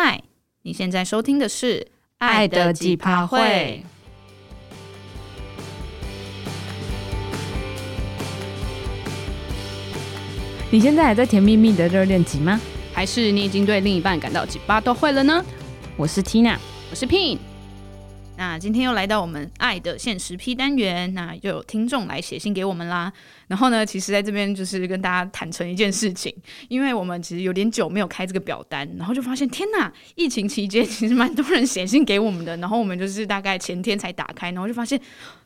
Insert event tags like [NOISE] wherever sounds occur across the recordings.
愛，你現在收聽的是《愛的即趴會》會。你現在還在甜蜜蜜的熱戀期嗎？還是你已經對另一半感到即趴都會了呢？我是 Tina，我是 Pin。那今天又來到我們愛的限時批單元，那又有聽眾來寫信給我們啦。然後呢，其實在這邊就是跟大家坦誠一件事情，因為我們其實有點久沒有開這個表單，然後就發現天吶，疫情期間其實蠻多人寫信給我們的。然後我們就是大概前天才打開，然後就發現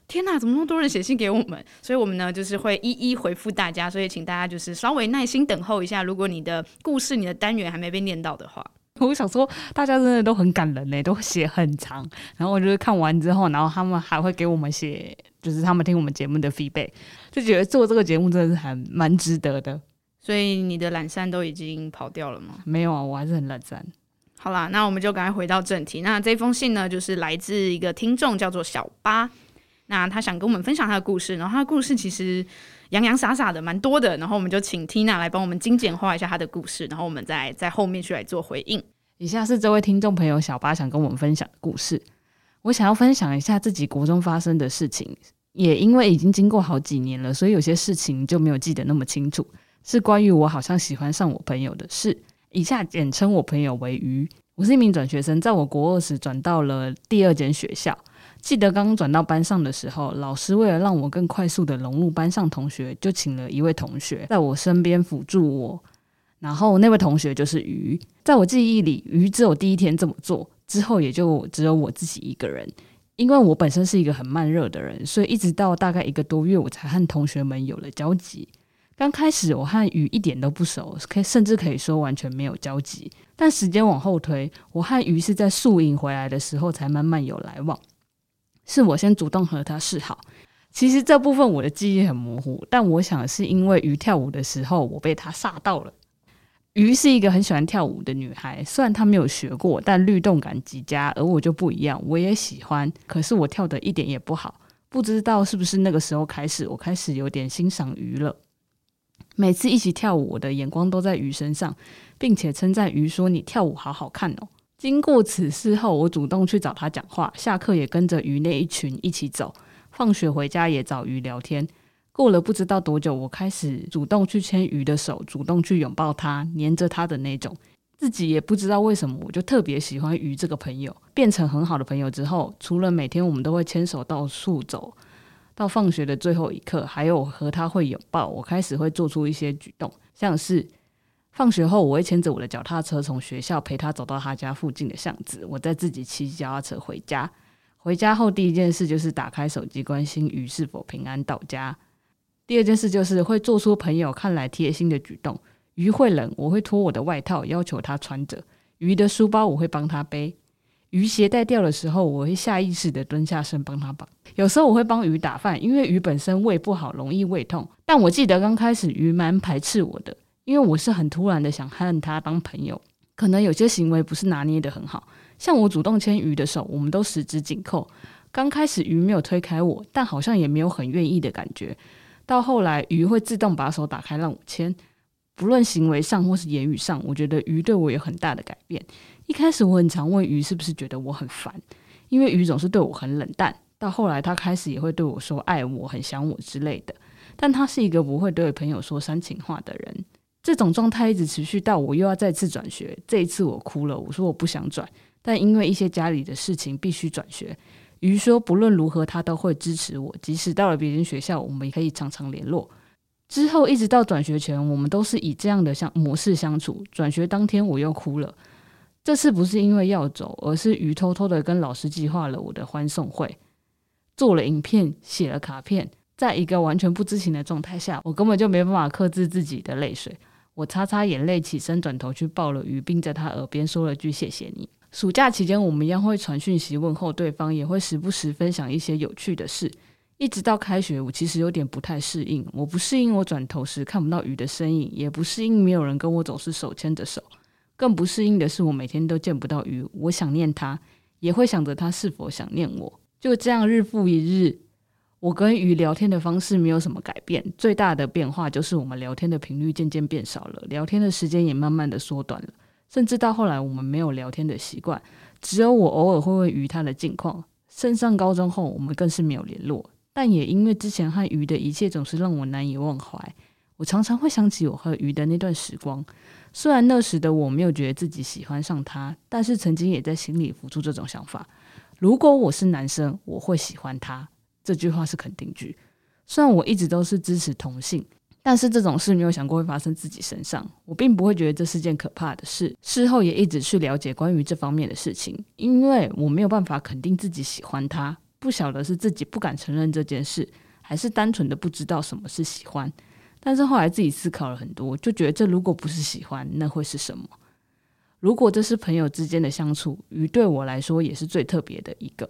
天吶，怎麼那麼多人寫信給我們？所以我們呢就是會一一回復大家，所以請大家就是稍微耐心等候一下。如果你的故事、你的單元還沒被念到的話。我想說，大家真的都很感人呢，欸，都寫很長。然後我就是看完之後，然後他們還會給我們寫，就是他們聽我們節目的 feedback，就覺得做這個節目真的是還蠻值得的。所以你的懶散都已經跑掉了嗎？沒有啊，我還是很懶散。好啦，那我們就趕快回到正題。那這封信呢，就是來自一個聽眾叫做小八，那他想跟我們分享他的故事。然後他的故事其實洋洋灑灑的蠻多的。然後我們就請 Tina 來幫我們精簡化一下他的故事，然後我們再在，在後面去來做回應。以下是這位聽眾朋友小八想跟我們分享的故事。我想要分享一下自己國中發生的事情，也因為已經經過好幾年了，所以有些事情就沒有記得那麼清楚。是關於我好像喜歡上我朋友的事，以下簡稱我朋友為魚。我是一名轉學生，在我國二時轉到了第二間學校。記得剛剛轉到班上的時候，老師為了讓我更快速的融入班上同學，就請了一位同學在我身邊輔助我。然後那位同學就是魚，在我記憶裡，魚只有第一天這麼做，之後也就只有我自己一個人，因為我本身是一個很慢熱的人，所以一直到大概一個多月，我才和同學們有了交集。剛開始我和魚一點都不熟，可以甚至可以說完全沒有交集。但時間往後推，我和魚是在宿營回來的時候才慢慢有來往，是我先主動和他示好。其實這部分我的記憶很模糊，但我想是因為魚跳舞的時候，我被他煞到了。魚是一個很喜歡跳舞的女孩，雖然她沒有學過，但律動感極佳。而我就不一樣，我也喜歡，可是我跳得一點也不好。不知道是不是那個時候開始，我開始有點欣賞魚了。每次一起跳舞，我的眼光都在魚身上，並且稱讚魚說：“你跳舞好好看哦。”經過此事後，我主動去找她講話，下課也跟着魚那一群一起走，放學回家也找魚聊天。過了不知道多久，我開始主動去牽魚的手，主動去擁抱他，黏着他的那種。自己也不知道為什麼，我就特別喜歡魚這個朋友。變成很好的朋友之後，除了每天我們都會牽手到處走到放學的最後一刻，還有和他會擁抱。我開始會做出一些舉動，像是放學後我會牽着我的腳踏車從學校陪他走到他家附近的巷子，我再自己騎腳踏車回家。回家後第一件事就是打開手機關心魚是否平安到家。第二件事就是會做出朋友看來貼心的舉動。魚會冷，我會脫我的外套，要求他穿着。魚的書包我會幫他背。魚鞋帶掉的時候，我會下意識地蹲下身幫他綁。有時候我會幫魚打飯，因為魚本身胃不好，容易胃痛。但我記得剛開始魚蠻排斥我的，因為我是很突然的想和他當朋友。可能有些行為不是拿捏得很好，像我主動牽魚的手，我們都十指緊扣。剛開始魚沒有推開我，但好像也沒有很願意的感覺。到後來，魚會自動把手打開讓我牽，不論行為上或是言語上，我覺得魚對我有很大的改變。一開始我很常問魚是不是覺得我很煩，因為魚總是對我很冷淡。到後來，他開始也會對我說“愛我”、“很想我”之類的，但他是一個不會對朋友說煽情話的人。這種狀態一直持續到我又要再次轉學，這一次我哭了，我說我不想轉，但因為一些家裡的事情必須轉學。魚說：“不論如何，他都會支持我。即使到了別人學校，我們也可以常常聯絡。之後一直到轉學前，我們都是以這樣的相模式相處。轉學當天，我又哭了。這次不是因為要走，而是魚偷偷地跟老師計劃了我的歡送會，做了影片，寫了卡片，在一個完全不知情的狀態下，我根本就沒辦法克制自己的淚水。我擦擦眼淚，起身轉頭去抱了魚，並在他耳邊說了句‘謝謝你’。”暑假期間，我們一樣會傳訊息問候對方，也會時不時分享一些有趣的事。一直到開學，我其實有點不太適應。我不適應我轉頭時看不到魚的身影，也不適應沒有人跟我總是手牽着手。更不適應的是，我每天都見不到魚，我想念他，也會想着他是否想念我。就這樣日復一日，我跟魚聊天的方式沒有什麼改變，最大的變化就是我們聊天的頻率漸漸變少了，聊天的時間也慢慢的縮短了。甚至到後來，我們沒有聊天的習慣，只有我偶爾會問魚他的近況。升上高中後，我們更是沒有聯絡，但也因為之前和魚的一切總是讓我難以忘懷，我常常會想起我和魚的那段時光。雖然那時的我沒有覺得自己喜歡上他，但是曾經也在心裡浮出這種想法：如果我是男生，我會喜歡他。這句話是肯定句。雖然我一直都是支持同性。但是這種事沒有想過會發生自己身上，我並不會覺得這是件可怕的事。事後也一直去了解關於這方面的事情，因為我沒有辦法肯定自己喜歡他，不曉得是自己不敢承認這件事，還是單純的不知道什麼是喜歡。但是後來自己思考了很多，就覺得這如果不是喜歡，那會是什麼？如果這是朋友之間的相處，魚對我來說也是最特別的一個。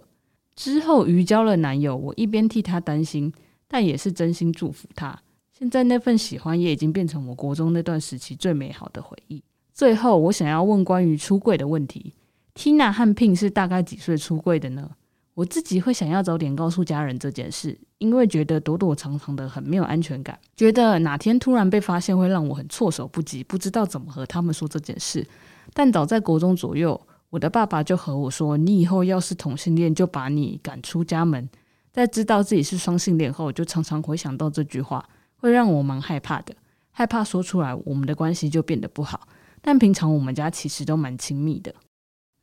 之後魚交了男友，我一邊替他擔心，但也是真心祝福他。現在那份喜歡也已經變成我國中那段時期最美好的回憶。最後，我想要問關於出櫃的問題，Tina 和 Pin 是大概幾歲出櫃的呢？我自己會想要早點告訴家人這件事，因為覺得躲躲藏藏的很沒有安全感，覺得哪天突然被發現會讓我很措手不及，不知道怎麼和他們說這件事。但早在國中左右，我的爸爸就和我說：“你以後要是同性戀，就把你趕出家門。”在知道自己是雙性戀後，我就常常回想到這句話。會讓我蠻害怕的，害怕說出來我們的關係就變得不好。但平常我們家其實都蠻親密的。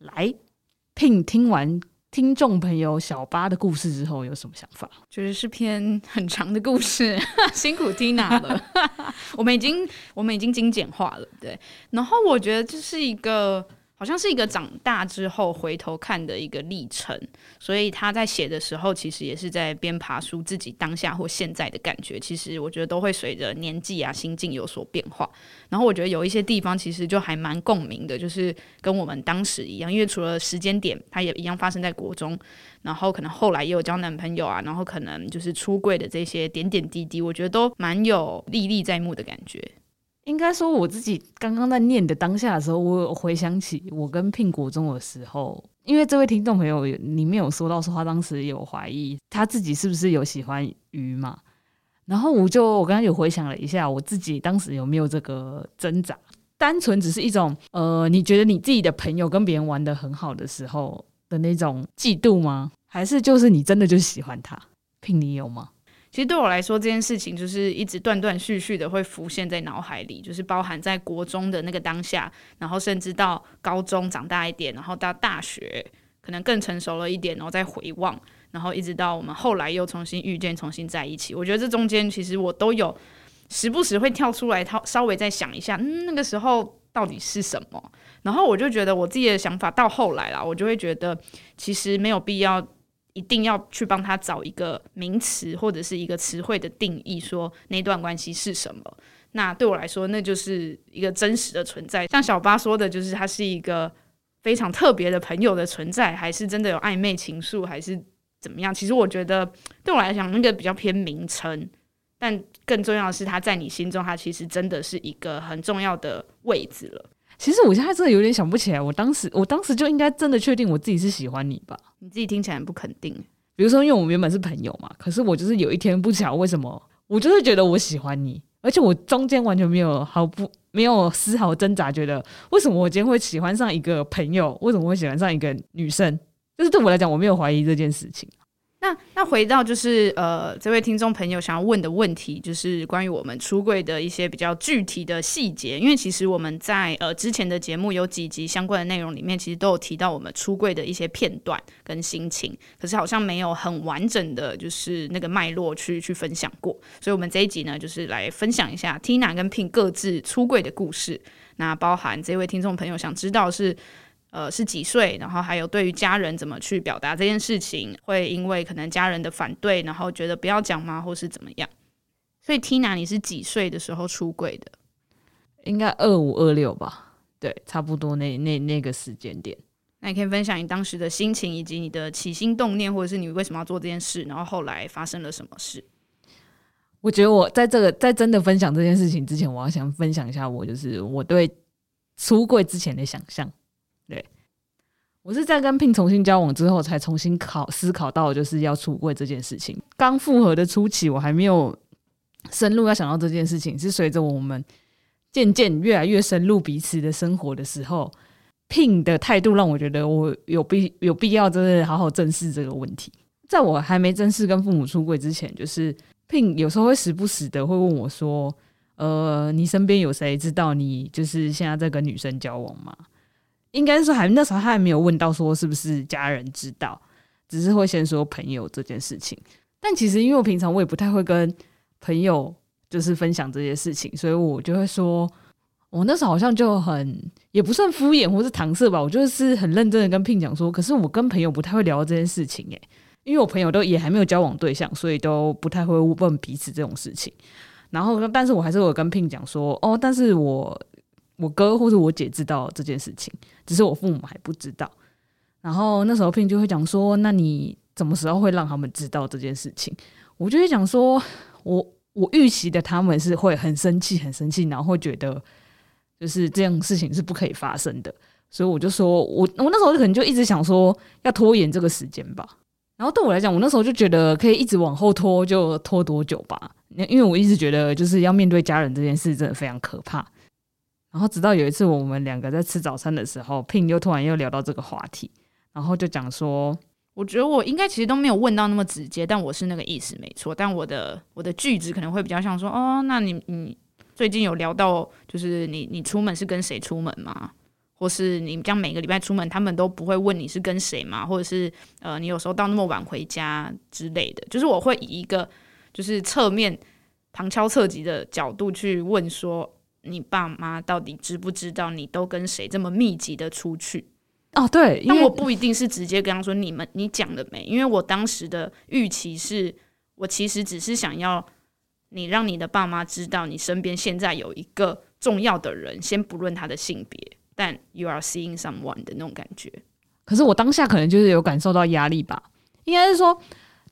來 Pin 聽完聽眾朋友小巴的故事之後有什麼想法？就是是篇很長的故事，辛苦 Tina 了。 [LAUGHS] [LAUGHS] 我們已經我們已經精簡化了，對。然後我覺得這是一個。好像是一個長大之後回頭看的一個歷程，所以他在寫的時候，其實也是在邊爬梳自己當下或現在的感覺。其實我覺得都會隨着年紀啊、心境有所變化。然後我覺得有一些地方其實就還蠻共鳴的，就是跟我們當時一樣，因為除了時間點，他也一樣發生在國中。然後可能後來也有交男朋友啊，然後可能就是出櫃的這些點點滴滴，我覺得都蠻有歷歷在目的感覺。應該說，我自己剛剛在念的當下的時候，我有回想起我跟聘國中的時候，因為這位聽眾朋友，你沒有說到說他當時有懷疑他自己是不是有喜歡魚嘛？然後我就我剛剛有回想了一下，我自己當時有沒有這個掙扎？單純只是一種呃，你覺得你自己的朋友跟別人玩得很好的時候的那種嫉妒嗎？還是就是你真的就喜歡他？聘你有嗎？其實對我來說，這件事情就是一直斷斷續續的會浮現在腦海裡，就是包含在國中的那個當下，然後甚至到高中長大一點，然後到大學可能更成熟了一點，然後再回望，然後一直到我們後來又重新遇見、重新在一起。我覺得這中間其實我都有時不時會跳出來，稍微再想一下，嗯，那個時候到底是什麼？然後我就覺得我自己的想法到後來啦，我就會覺得其實沒有必要。一定要去幫他找一個名詞或者是一個詞彙的定義，說那段關係是什麼？那對我來說，那就是一個真實的存在。像小巴說的，就是他是一個非常特別的朋友的存在，還是真的有曖昧情愫，還是怎麼樣？其實我覺得，對我來講，那個比較偏名稱，但更重要的是，他在你心中，他其實真的是一個很重要的位置了。其實我現在真的有點想不起來，我當時我當時就應該真的確定我自己是喜歡你吧？你自己聽起來不肯定。比如說，因為我們原本是朋友嘛，可是我就是有一天不曉得為什麼，我就是覺得我喜歡你。而且我中間完全沒有毫不沒有絲毫掙扎，覺得為什麼我今天會喜歡上一個朋友？為什麼會喜歡上一個女生？就是對我來講，我沒有懷疑這件事情。那那回到就是呃，這位聽眾朋友想要問的問題，就是關於我們出櫃的一些比較具體的細節。因為其實我們在呃之前的節目有幾集相關的內容裡面，其實都有提到我們出櫃的一些片段跟心情，可是好像沒有很完整的，就是那個脈絡去去分享過。所以我們這一集呢，就是來分享一下 Tina 跟 Pin 各自出櫃的故事。那包含這位聽眾朋友想知道是。呃，是幾歲？然後還有對於家人怎麼去表達這件事情，會因為可能家人的反對，然後覺得不要講嗎，或是怎麼樣？所以，Tina，你是幾歲的時候出櫃的？應該二五二六吧？對，差不多那那那個時間點。那你可以分享你當時的心情，以及你的起心動念，或者是你為什麼要做這件事，然後後來發生了什麼事？我覺得我在這個在真的分享這件事情之前，我要想分享一下我就是我對出櫃之前的想象。我是在跟 Pin 重新交往之後，才重新考思考到就是要出櫃這件事情。剛復合的初期，我還沒有深入要想到這件事情。是隨着我們漸漸越來越深入彼此的生活的時候，Pin 的態度讓我覺得我有必有必要，真的好好正視這個問題。在我還沒正視跟父母出櫃之前，就是 Pin 有時候會時不時的會問我說：“呃，你身邊有誰知道你就是現在在跟女生交往嗎？”應該說，還那時候他還沒有問到說是不是家人知道，只是會先說朋友這件事情。但其實因為我平常我也不太會跟朋友就是分享這些事情，所以我就會說，我那時候好像就很也不算敷衍或是搪塞吧，我就是很認真的跟 Pin 講說，可是我跟朋友不太會聊這件事情耶，因為我朋友都也還沒有交往對象，所以都不太會問彼此這種事情。然後，但是我還是有跟 Pin 講說，哦，但是我。我哥或者我姐知道這件事情，只是我父母還不知道。然後那時候，Pin 就會講說：“那你什麼時候會讓他們知道這件事情？”我就會講說：“我我預期的他們是會很生氣，很生氣，然後會覺得就是這樣事情是不可以發生的。”所以我就說：“我我那時候可能就一直想說要拖延這個時間吧。”然後對我來講，我那時候就覺得可以一直往後拖，就拖多久吧。那因為我一直覺得就是要面對家人這件事，真的非常可怕。然後直到有一次，我們兩個在吃早餐的時候，Pin 又突然又聊到這個話題，然後就講說：“我覺得我應該其實都沒有問到那麼直接，但我是那個意思沒錯。但我的我的句子可能會比較像說：‘哦，那你你最近有聊到就是你你出門是跟誰出門嗎？’或是你這樣每個禮拜出門，他們都不會問你是跟誰嗎？或者是呃，你有時候到那麼晚回家之類的，就是我會以一個就是側面旁敲側擊的角度去問說。”你爸媽到底知不知道你都跟誰這麼密集的出去？哦，對，因為我不一定是直接跟他說你們，你講了沒？因為我當時的預期是，我其實只是想要你讓你的爸媽知道你身邊現在有一個重要的人，先不論他的性別，但 you are seeing someone 的那種感覺。可是我當下可能就是有感受到壓力吧，應該是說。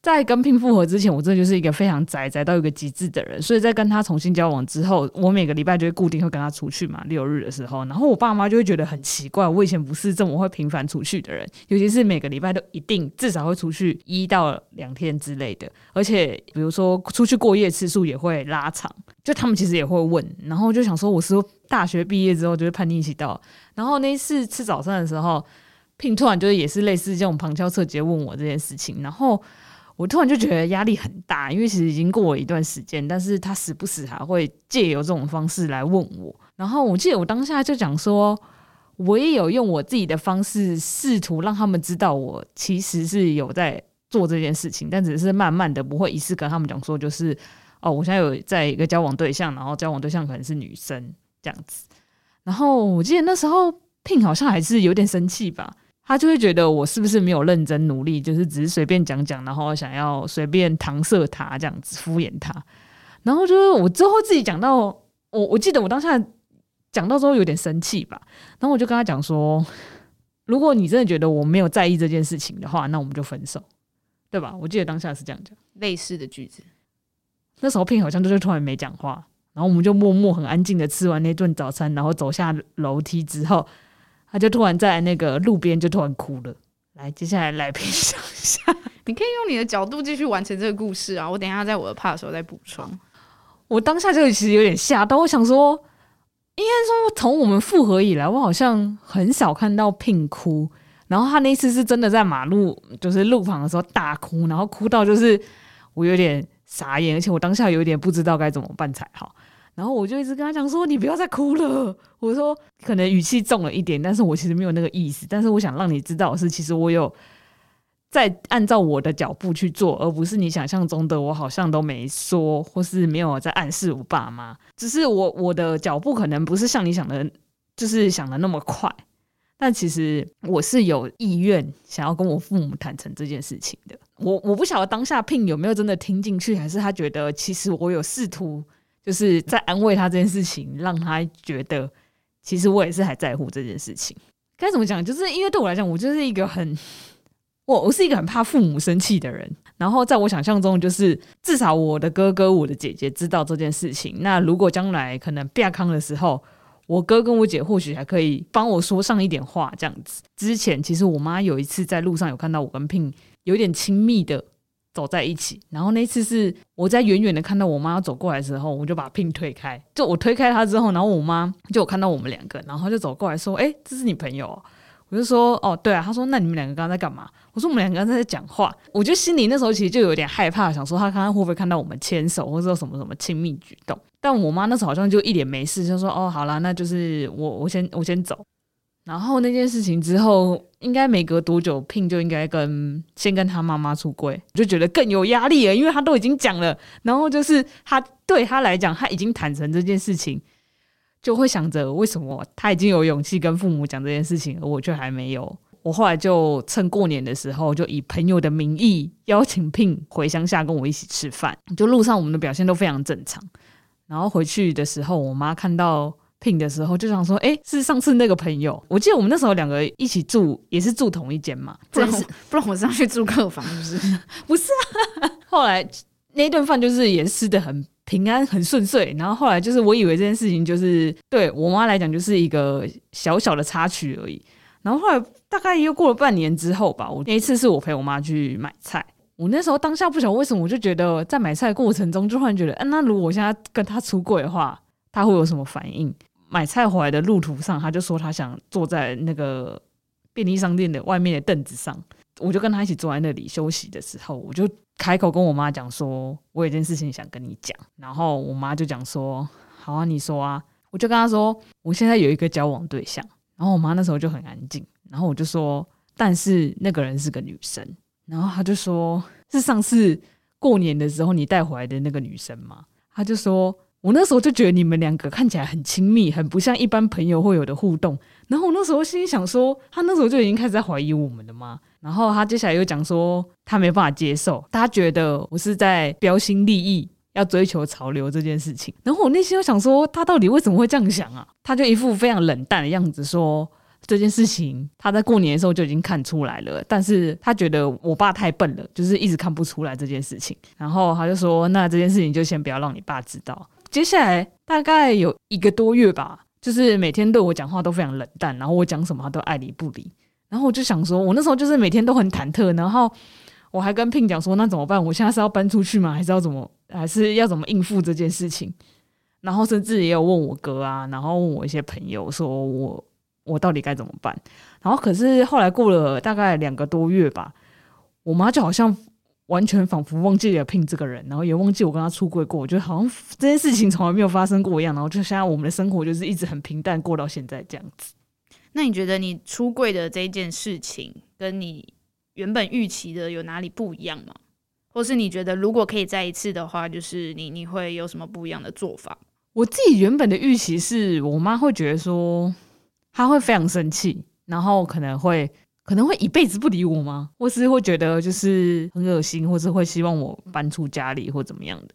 在跟 Pin 復合之前，我真的就是一個非常宅宅到一個極致的人，所以在跟他重新交往之後，我每個禮拜就會固定會跟他出去嘛，六日的時候，然後我爸媽就會覺得很奇怪，我以前不是這麼會頻繁出去的人，尤其是每個禮拜都一定至少會出去一到兩天之類的，而且比如說出去過夜次數也會拉長，就他們其實也會問，然後就想說我是大學畢業之後就會叛逆期到，然後那一次吃早餐的時候，Pin 突然就是也是類似這種旁敲側擊問我這件事情，然後。我突然就覺得壓力很大，因為其實已經過了一段時間，但是他時不時還會借由這種方式來問我。然後我記得我當下就講說，我也有用我自己的方式試圖讓他們知道我其實是有在做這件事情，但只是慢慢的不會一次跟他們講說，就是哦，我現在有在一個交往對象，然後交往對象可能是女生這樣子。然後我記得那時候 Pin 好像還是有點生氣吧。他就會覺得我是不是沒有認真努力，就是只是隨便講講，然後想要隨便搪塞他這樣子敷衍他，然後就是我之後自己講到我，我記得我當下講到之後有點生氣吧，然後我就跟他講說，如果你真的覺得我沒有在意這件事情的話，那我們就分手，對吧？我記得當下是這樣講類似的句子。那時候 Pin 好像就是突然沒講話，然後我們就默默很安靜的吃完那頓早餐，然後走下樓梯之後。他就突然在那個路邊就突然哭了。來，接下來來拼一下， [LAUGHS] 你可以用你的角度繼續完成這個故事啊！然後我等一下在我的 part 的時候再補充。我當下就其實有點嚇到，我想說，應該說從我們復合以來，我好像很少看到 Pin 哭。然後他那次是真的在馬路就是路旁的時候大哭，然後哭到就是我有點傻眼，而且我當下有點不知道該怎麼辦才好。然後我就一直跟他講說：“你不要再哭了。”我說：“可能語氣重了一點，但是我其實沒有那個意思。但是我想讓你知道的是，其實我有在按照我的腳步去做，而不是你想象中的我好像都沒說，或是沒有在暗示我爸媽。只是我我的腳步可能不是像你想的，就是想的那麼快。但其實我是有意願想要跟我父母坦誠這件事情的。我我不曉得當下 Pin 有沒有真的聽進去，還是他覺得其實我有試圖。”就是在安慰他這件事情，讓他覺得其實我也是還在乎這件事情。該怎麼講？就是因為對我來講，我就是一個很我我是一個很怕父母生氣的人。然後在我想象中，就是至少我的哥哥、我的姐姐知道這件事情。那如果將來可能病康的時候，我哥跟我姐或許還可以幫我說上一點話這樣子。之前其實我媽有一次在路上有看到我跟 Pin 有點親密的。走在一起，然後那次是我在遠遠的看到我媽走過來的時候，我就把 Pin 推開。就我推開她之後，然後我媽就看到我們兩個，然後就走過來說：“欸，這是你朋友哦？”我就說：“哦，對啊。”她說：“那你們兩個剛剛在幹嘛？”我說：“我們兩個剛剛在講話。”我覺得心裡那時候其實就有點害怕，想說她剛剛會不會看到我們牽手或者什麼什麼親密舉動？但我媽那時候好像就一臉沒事，就說：“哦，好啦，那就是我，我先我先走。”然後那件事情之後，應該沒隔多久，Pin 就應該跟先跟他媽媽出櫃，我就覺得更有壓力了，因為他都已經講了。然後就是他對他來講，他已經坦誠這件事情，就會想着為什麼他已經有勇氣跟父母講這件事情，而我卻還沒有。我後來就趁過年的時候，就以朋友的名義邀請 Pin 回鄉下跟我一起吃飯。就路上我們的表現都非常正常，然後回去的時候，我媽看到。聘的時候就想說，哎、欸，是上次那個朋友。我記得我們那時候兩個一起住，也是住同一間嘛。不然，真是 [LAUGHS] 不然我上去住客房是不是？ [LAUGHS] 不是啊。 [LAUGHS] 後來那一頓飯就是也吃的很平安，很順遂。然後後來就是我以為這件事情就是對我媽來講就是一個小小的插曲而已。然後後來大概又過了半年之後吧。我那一次是我陪我媽去買菜，我那時候當下不曉得為什麼，我就覺得在買菜過程中，就突然覺得，嗯、啊，那如果我現在跟她出櫃的話，她會有什麼反應？買菜回來的路途上，他就說他想坐在那個便利商店的外面的凳子上，我就跟他一起坐在那裡休息的時候，我就開口跟我媽講說，我有件事情想跟你講，然後我媽就講說，好啊，你說啊，我就跟他說，我現在有一個交往對象，然後我媽那時候就很安靜，然後我就說，但是那個人是個女生，然後他就說，是上次過年的時候你帶回來的那個女生嗎？他就說，我那時候就覺得你們兩個看起來很親密，很不像一般朋友會有的互動。然後我那時候心裡想說，他那時候就已經開始在懷疑我們了嗎？然後他接下來又講說，他沒辦法接受，他覺得我是在標新立異，要追求潮流這件事情。然後我內心又想說，他到底為什麼會這樣想啊？他就一副非常冷淡的樣子說，這件事情他在過年的時候就已經看出來了，但是他覺得我爸太笨了，就是一直看不出來這件事情。然後他就說，那這件事情就先不要讓你爸知道。接下來大概有一個多月吧，就是每天對我講話都非常冷淡，然後我講什麼都愛理不理。然後我就想說，我那時候就是每天都很忐忑，然後我還跟 Pin 講說：“那怎麼辦？我現在是要搬出去嗎？還是要怎麼？還是要怎麼應付這件事情？”然後甚至也有問我哥啊，然後問我一些朋友，說我我到底該怎麼辦？然後可是後來過了大概兩個多月吧，我媽就好像。完全仿佛忘記了 Pin 這個人，然後也忘記我跟他出櫃過，我覺得好像這件事情從來沒有發生過一樣，然後就現在我們的生活就是一直很平淡過到現在這樣子。那你覺得你出櫃的這件事情跟你原本預期的有哪裡不一樣嗎？或是你覺得如果可以再一次的話，就是你你會有什麼不一樣的做法？我自己原本的預期是我媽會覺得說她會非常生氣，然後可能會。可能會一輩子不理我嗎？或是會覺得就是很噁心，或是會希望我搬出家裡或怎麼樣的？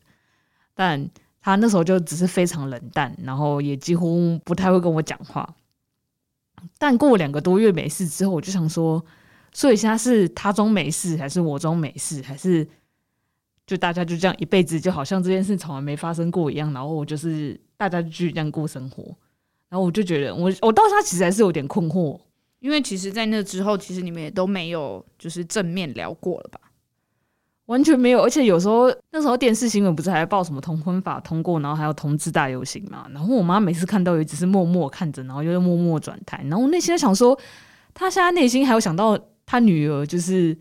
但他那時候就只是非常冷淡，然後也幾乎不太會跟我講話。但過兩個多月沒事之後，我就想說，所以現在是他裝沒事，還是我裝沒事，還是就大家就這樣一輩子就好像這件事從來沒發生過一樣，然後我就是大家就繼續這樣過生活。然後我就覺得我，我我當時其實還是有點困惑。因為其實，在那之後，其實你們也都沒有就是正面聊過了吧？完全沒有。而且有時候那時候電視新聞不是還報什麼同婚法通過，然後還有同志大遊行嘛？然後我媽每次看到，也只是默默看着，然後就是默默轉台。然後我內心在想說，她現在內心還有想到她女兒就是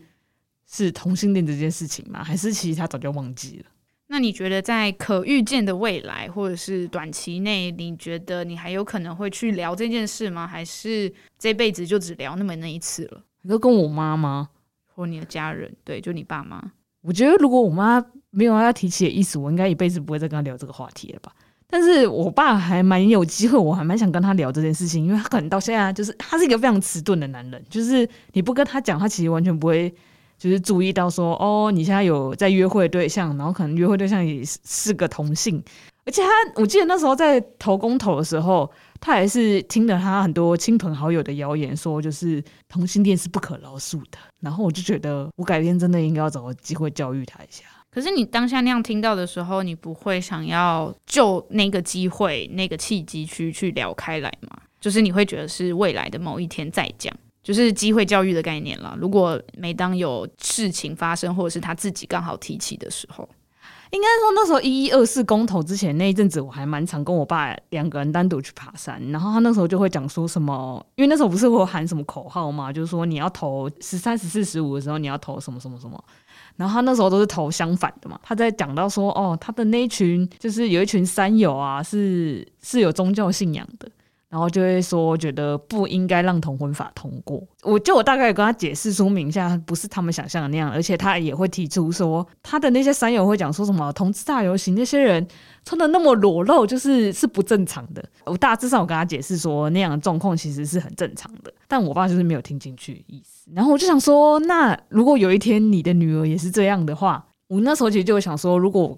是同性戀這件事情嗎？還是其實她早就忘記了？那你覺得在可預見的未來，或者是短期內，你覺得你還有可能會去聊這件事嗎？還是這輩子就只聊那麼那一次了？你都跟我媽媽？或你的家人？對，就你爸媽。我覺得如果我媽沒有要提起的意思，我應該一輩子不會再跟她聊這個話題了吧。但是我爸還蠻有機會，我還蠻想跟他聊這件事情，因為他可能到現在就是他是一個非常遲鈍的男人，就是你不跟他講，他其實完全不會。就是注意到說，哦，你現在有在約會對象，然後可能約會對象也是個同性，而且他，我記得那時候在投工投公投的時候，他還是聽了他很多親朋好友的謠言，說就是同性戀是不可饒恕的。然後我就覺得，我改天真的應該要找個機會教育他一下。可是你當下那樣聽到的時候，你不會想要就那個機會、那個契機去去聊開來嗎？就是你會覺得是未來的某一天再講。就是機會教育的概念啦。如果每當有事情發生，或者是他自己剛好提起的時候，應該說那時候一一二四公投之前那一陣子，我還蠻常跟我爸兩個人單獨去爬山。然後他那時候就會講說什麼，因為那時候不是會喊什麼口號嘛，就是說你要投十三、十四、十五的時候你要投什麼什麼什麼。然後他那時候都是投相反的嘛。他在講到說哦，他的那一群就是有一群山友啊，是是有宗教信仰的。然後就會說，覺得不應該讓同婚法通過。我就我大概跟他解釋說明一下，不是他們想象的那樣，而且他也會提出說，他的那些山友會講說什麼同志大遊行那些人穿的那麼裸露，就是是不正常的。我大致上我跟他解釋說，那樣的狀況其實是很正常的。但我爸就是沒有聽進去意思。然後我就想說，那如果有一天你的女兒也是這樣的話，我那時候其實就會想說，如果我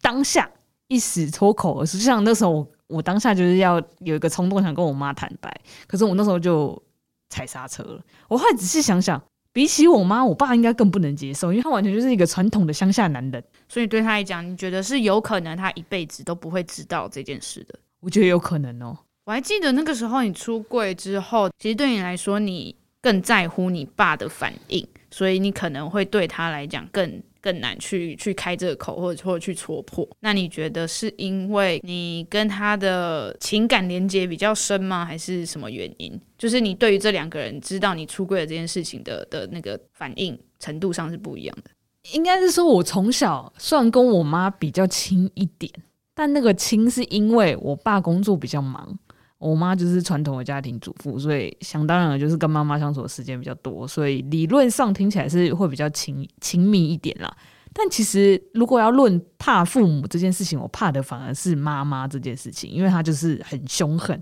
當下一時脫口而出，就像那時候。我當下就是要有一個衝動，想跟我媽坦白，可是我那時候就踩剎車了。我後來仔細想想，比起我媽，我爸應該更不能接受，因為他完全就是一個傳統的鄉下男人。所以對他來講，你覺得是有可能他一輩子都不會知道這件事的？我覺得有可能哦。我還記得那個時候你出櫃之後，其實對你來說，你更在乎你爸的反應，所以你可能會對他來講更。更難去去開這個口，或者或者去戳破。那你覺得是因為你跟他的情感連接比較深嗎？還是什麼原因？就是你對於這兩個人知道你出櫃的這件事情的的那個反應程度上是不一樣的。應該是說，我從小算跟我媽比較親一點，但那個親是因為我爸工作比較忙。我媽就是傳統的家庭主婦，所以想當然就是跟媽媽相處的時間比較多，所以理論上聽起來是會比較親親密一點啦。但其實如果要論怕父母這件事情，我怕的反而是媽媽這件事情，因為她就是很凶狠。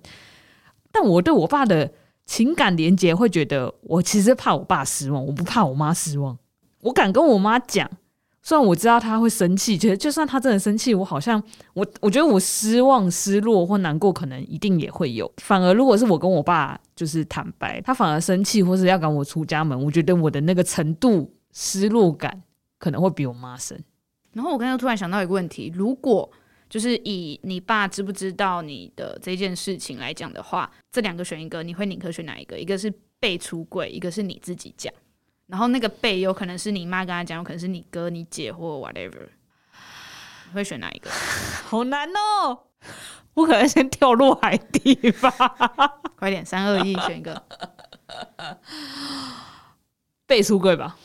但我對我爸的情感連結，會覺得我其實怕我爸失望，我不怕我媽失望，我敢跟我媽講。雖然我知道他會生氣，覺得就算他真的生氣，我好像我我覺得我失望、失落或難過，可能一定也會有。反而如果是我跟我爸就是坦白，他反而生氣或是要趕我出家門，我覺得我的那個程度失落感可能會比我媽深。然後我剛才突然想到一個問題，如果就是以你爸知不知道你的這件事情來講的話，這兩個選一個，你會寧可選哪一個？一個是被出櫃，一個是你自己講。然後那個背有可能是你媽跟他講，有可能是你哥、你姐或 whatever，你會選哪一個？好難哦，不可能先跳入海底吧， [LAUGHS] 快點三二一，3, 2, 1, [LAUGHS] 選一個被出櫃吧，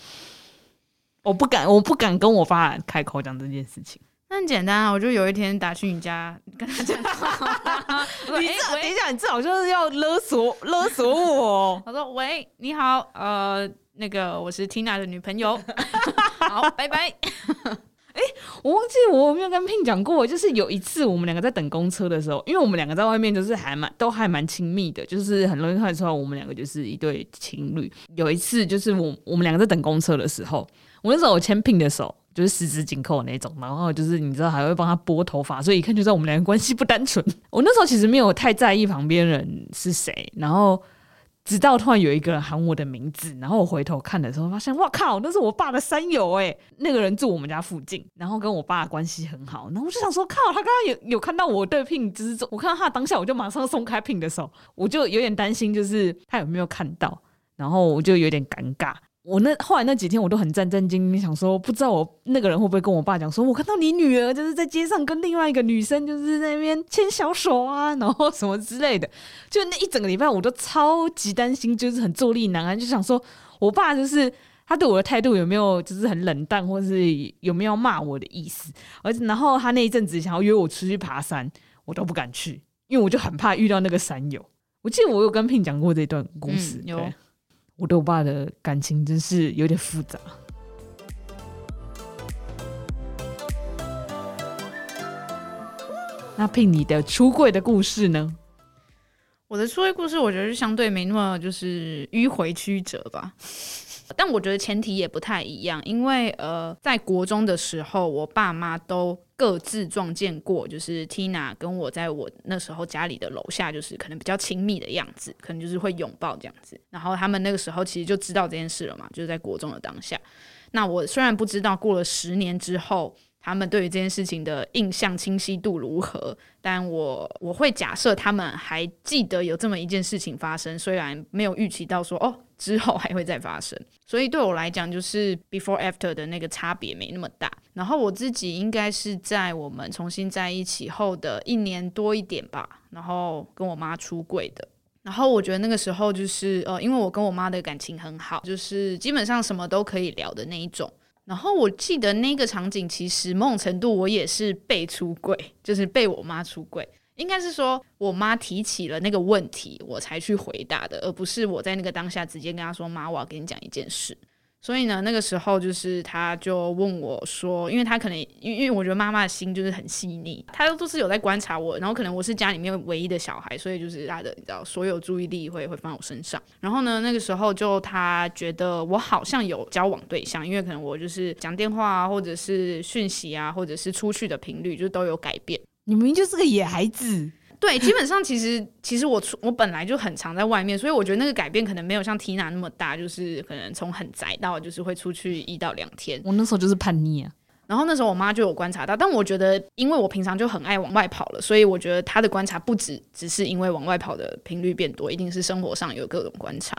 我不敢，我不敢跟我爸開口講這件事情。那很簡單啊，我就有一天打去你家，跟他講。喂，等一下，你這好像是要勒索勒索我？我 [LAUGHS] 說：喂，你好，呃，那個我是 Tina 的女朋友。 [LAUGHS] 好，拜拜。哎 [LAUGHS] 欸，我忘記我有沒有跟 Pin 講過，就是有一次我們兩個在等公車的時候，因為我們兩個在外面就是還蠻都還蠻親密的，就是很容易看出來我們兩個就是一對情侶。有一次就是我我們兩個在等公車的時候，我那時候我牽 Pin 的手。就是十指緊扣的那種，然後就是你知道還會幫他撥頭髮，所以一看就知道我們兩個關係不單純。 [LAUGHS] 我那時候其實沒有太在意旁邊人是誰，然後直到突然有一個人喊我的名字，然後我回頭看的時候，發現哇靠，那是我爸的山友哎，那個人住我們家附近，然後跟我爸的關係很好，然後我就想說靠，他剛剛有有看到我對 Pin，就是我看到他當下，我就馬上鬆開 Pin 的手，我就有點擔心，就是他有沒有看到，然後我就有點尷尬。我那後來那幾天，我都很戰戰兢兢，想說不知道我那個人會不會跟我爸講，說我看到你女兒就是在街上跟另外一個女生，就是在那邊牽小手啊，然後什麼之類的。就那一整個禮拜，我都超級擔心，就是很坐立難安，就想說我爸就是他對我的態度有沒有就是很冷淡，或是有沒有罵我的意思。而且然後他那一陣子想要約我出去爬山，我都不敢去，因為我就很怕遇到那個山友。我記得我有跟 Pin 講過這段故事，嗯、對我對我爸的感情真是有點複雜。那聘你的出櫃的故事呢？我的出櫃故事，我覺得是相對沒那麼就是迂回曲折吧。但我覺得前提也不太一樣，因為呃，在國中的時候，我爸媽都各自撞見過，就是 Tina 跟我在我那時候家裡的樓下，就是可能比較親密的樣子，可能就是會擁抱這樣子。然後他們那個時候其實就知道這件事了嘛，就是在國中的當下。那我雖然不知道過了十年之後。他們對於這件事情的印象清晰度如何？但我我會假設他們還記得有這麼一件事情發生，雖然沒有預期到說哦之後還會再發生。所以對我來講，就是 before after 的那個差別沒那麼大。然後我自己應該是在我們重新在一起後的一年多一點吧，然後跟我媽出櫃的。然後我覺得那個時候就是呃，因為我跟我媽的感情很好，就是基本上什麼都可以聊的那一種。然後我記得那個場景，其實某種程度我也是被出櫃，就是被我媽出櫃，應該是說我媽提起了那個問題，我才去回答的，而不是我在那個當下直接跟她說：“媽，我要跟你講一件事。”所以呢，那個時候就是他就問我說，因為他可能，因為我覺得媽媽的心就是很細膩，他都是有在觀察我，然後可能我是家裡面唯一的小孩，所以就是他的你知道，所有注意力會會放我身上。然後呢，那個時候就他覺得我好像有交往對象，因為可能我就是講電話啊，或者是訊息啊，或者是出去的頻率就都有改變。你明明就是個野孩子。 [LAUGHS] 對，基本上其實其實我我本來就很常在外面，所以我覺得那個改變可能沒有像 t 娜那麼大，就是可能從很宅到就是會出去一到兩天。我那時候就是叛逆啊。然後那時候我媽就有觀察到，但我覺得，因為我平常就很愛往外跑了，所以我覺得她的觀察不止只是因為往外跑的頻率變多，一定是生活上有各種觀察。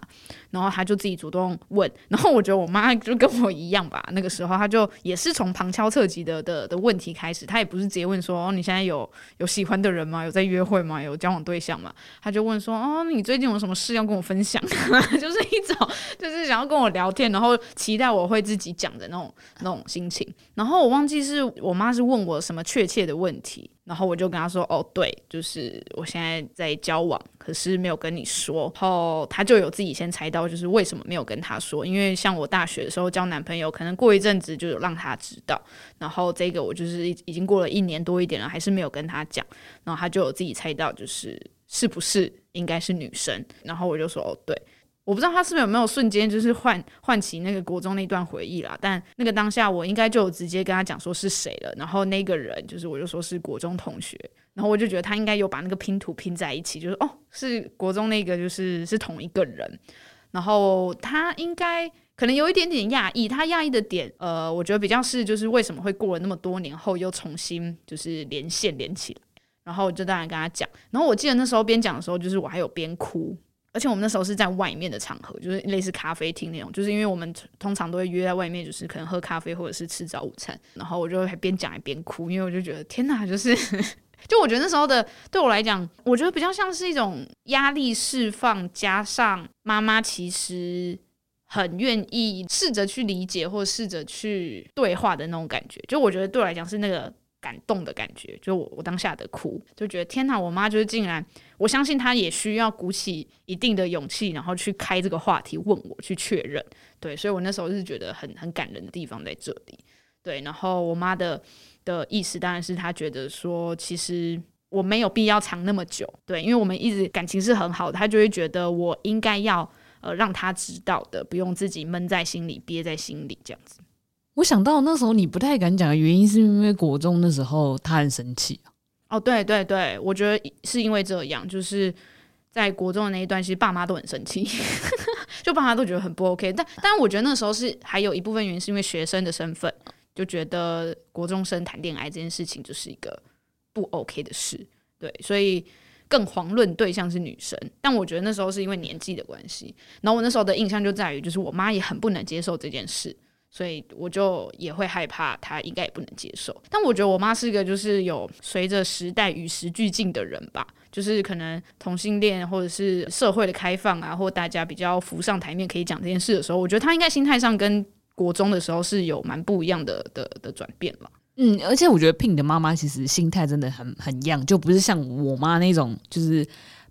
然後她就自己主動問，然後我覺得我媽就跟我一樣吧，那個時候她就也是從旁敲側擊的的的問題開始，她也不是直接問說哦，你現在有有喜歡的人嗎？有在約會嗎？有交往對象嗎？她就問說哦，你最近有什麼事要跟我分享？ [LAUGHS] 就是一種就是想要跟我聊天，然後期待我會自己講的那種那種心情，然後。我忘記是我媽是問我什麼確切的問題，然後我就跟她說：“哦，對，就是我現在在交往，可是沒有跟你說。”後她就有自己先猜到，就是為什麼沒有跟她說，因為像我大學的時候交男朋友，可能過一陣子就有讓她知道。然後這個我就是已經過了一年多一點了，還是沒有跟她講。然後她就有自己猜到，就是是不是應該是女生？然後我就說：“哦，對。”我不知道他是不是有沒有瞬間就是喚喚起那個國中那段回憶啦，但那個當下我應該就直接跟他講說是誰了，然後那個人就是我就說是國中同學，然後我就覺得他應該有把那個拼圖拼在一起，就是哦，是國中那個就是是同一個人，然後他應該可能有一點點訝異，他訝異的點呃，我覺得比較是就是為什麼會過了那麼多年後又重新就是連線連起來，然後就當然跟他講，然後我記得那時候邊講的時候就是我還有邊哭。而且我們那時候是在外面的場合，就是類似咖啡廳那種，就是因為我們通常都會約在外面，就是可能喝咖啡或者是吃早午餐，然後我就還邊講還邊哭，因為我就覺得天哪，就是 [LAUGHS] 就我覺得那時候的對我來講，我覺得比較像是一種壓力釋放，加上媽媽其實很願意試着去理解或試着去對話的那種感覺，就我覺得對我來講是那個。感動的感覺，就我我當下的哭，就覺得天哪！我媽就是竟然，我相信她也需要鼓起一定的勇氣，然後去開這個話題問我去確認。對，所以我那時候是覺得很很感人的地方在這裡。對，然後我媽的的意思當然是她覺得說，其實我沒有必要藏那麼久。對，因為我們一直感情是很好的，她就會覺得我應該要呃讓她知道的，不用自己悶在心裡憋在心裡這樣子。我想到那時候你不太敢講的原因，是因為國中的時候他很生氣、啊、哦，對對對，我覺得是因為這樣，就是在國中的那一段，其實爸媽都很生氣， [LAUGHS] 就爸媽都覺得很不 OK 但，但但我覺得那時候是還有一部分原因是因為學生的身份，就覺得國中生談戀愛這件事情就是一個不 OK 的事，對，所以更遑論對象是女生。但我覺得那時候是因為年紀的關係，然後我那時候的印象就在於，就是我媽也很不能接受這件事。所以我就也會害怕，他應該也不能接受。但我覺得我媽是一個就是有隨着時代與時俱進的人吧，就是可能同性戀或者是社會的開放啊，或大家比較浮上台面可以講這件事的時候，我覺得他應該心態上跟國中的時候是有蠻不一樣的的的轉變嘛。嗯，而且我覺得 Pin 的媽媽其實心態真的很很樣，就不是像我媽那種就是。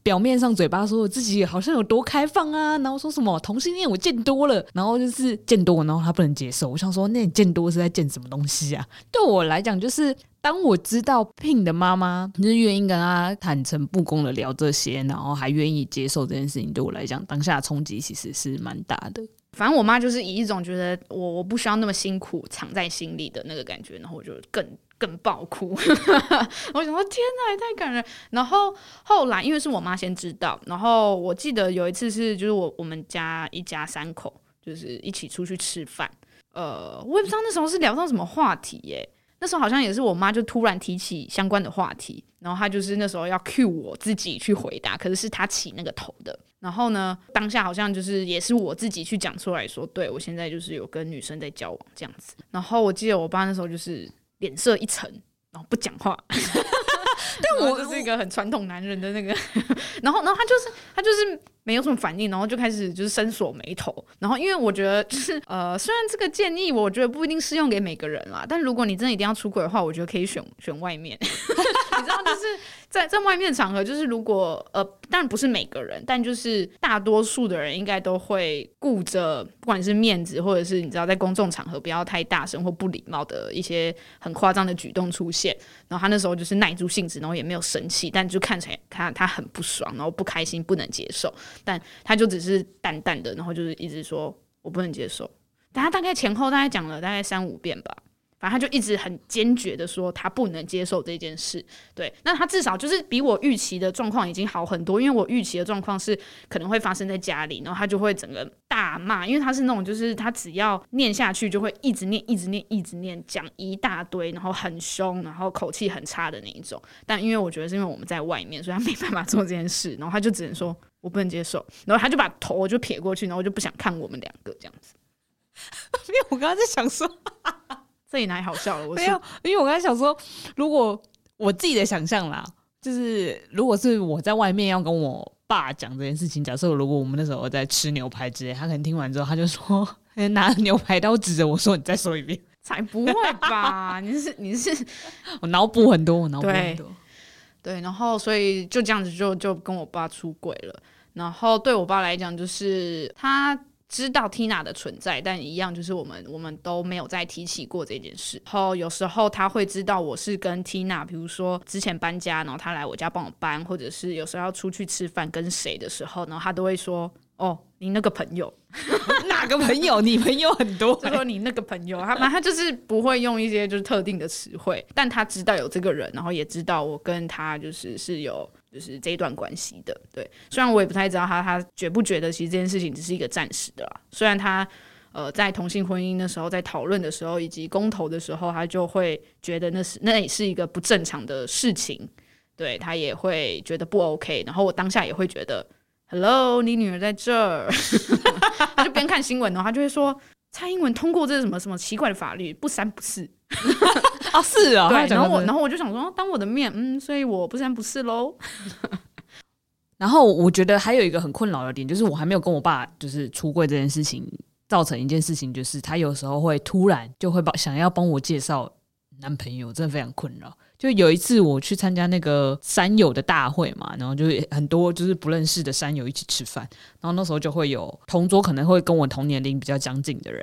表面上嘴巴說我自己好像有多開放啊，然後說什麼同性戀我見多了，然後就是見多，然後他不能接受。我想說，那你見多是在見什麼東西啊？對我來講，就是當我知道 Pin 的媽媽是願意跟他坦誠布公的聊這些，然後還願意接受這件事情，對我來講，當下的衝擊其實是蠻大的。反正我媽就是以一種覺得我我不需要那麼辛苦藏在心裡的那個感覺，然後我就更。更爆哭， [LAUGHS] 我想說天哪，還太感人。然後後來，因為是我媽先知道。然後我記得，有一次是就是我我們家一家三口就是一起出去吃飯。呃，我也不知道那時候是聊到什麼話題耶。那時候好像也是我媽就突然提起相關的話題，然後她就是那時候要 cue 我自己去回答，可是是她起那個頭的。然後呢，當下好像就是也是我自己去講出來說，對我現在就是有跟女生在交往這樣子。然後我記得我爸那時候就是。臉色一沉，然後不講話。對 [LAUGHS] [LAUGHS] 我就是一個很傳統男人的那個，然後，然後他就是，他就是。沒有什麼反應，然後就開始就是深鎖眉頭。然後因為我覺得就是呃，雖然這個建議我覺得不一定適用給每個人啦，但如果你真的一定要出櫃的話，我覺得可以選選外面。 [LAUGHS] 你知道就是在在外面的場合，就是如果呃，當然不是每個人，但就是大多數的人應該都會顧着不管是面子或者是你知道在公眾場合不要太大聲或不禮貌的一些很誇張的舉動出現。然後他那時候就是耐住性子，然後也沒有生氣，但就看起來他他很不爽，然後不開心，不能接受。但他就只是淡淡的，然後就是一直說，我不能接受。但他大概前後大概講了大概三五遍吧。反正他就一直很堅決的說他不能接受這件事。對，那他至少就是比我預期的狀況已經好很多，因為我預期的狀況是可能會發生在家裡，然後他就會整個大罵，因為他是那種就是他只要念下去就會一直念一直念一直念講一大堆，然後很凶，然後口氣很差的那一種。但因為我覺得是因為我們在外面，所以他沒辦法做這件事，然後他就只能說我不能接受，然後他就把頭就撇過去，然後我就不想看我們兩個這樣子。因為我剛剛在想說。這也哪裡好笑了！我說沒有，因為我剛才想說，如果我自己的想象啦，就是如果是我在外面要跟我爸講這件事情，假設如果我們那時候在吃牛排之類，他可能聽完之後，他就說、欸、拿着牛排刀指着我說：“你再說一遍。”才不會吧？ [LAUGHS] 你是你是，我腦補很多，我腦補很多對。對，然後所以就這樣子就，就就跟我爸出櫃了。然後對我爸來講，就是他。知道 Tina 的存在，但一樣就是我們我們都沒有再提起過這件事。然後有時候他會知道我是跟 Tina，比如說之前搬家，然後他來我家幫我搬，或者是有時候要出去吃飯跟誰的時候，然後他都會說：“哦，你那個朋友， [LAUGHS] [LAUGHS] 哪個朋友？你朋友很多欸。他說你那個朋友。”他他就是不會用一些就是特定的詞彙，但他知道有這個人，然後也知道我跟他就是是有。就是這一段關係的，對。雖然我也不太知道他他覺不覺得其實這件事情只是一個暫時的啦。雖然他呃在同性婚姻的時候在討論的時候以及公投的時候，他就會覺得那是那也是一個不正常的事情，對，他也會覺得不 OK。然後我當下也會覺得，Hello，你女兒在這兒， [LAUGHS] [LAUGHS] 他就邊看新聞的話，他就會說蔡英文通過這什麼什麼奇怪的法律，不三不四。 [LAUGHS] 啊是啊，是哦，對然後我然後我就想說，當我的面，嗯，所以我不三不四嘍。然後我覺得還有一個很困擾的點，就是我還沒有跟我爸，就是出櫃這件事情造成一件事情，就是他有時候會突然就會把想要幫我介紹男朋友，真的非常困擾。就有一次我去參加那個山友的大會嘛，然後就是很多就是不認識的山友一起吃飯，然後那時候就會有同桌可能會跟我同年齡比較相近的人。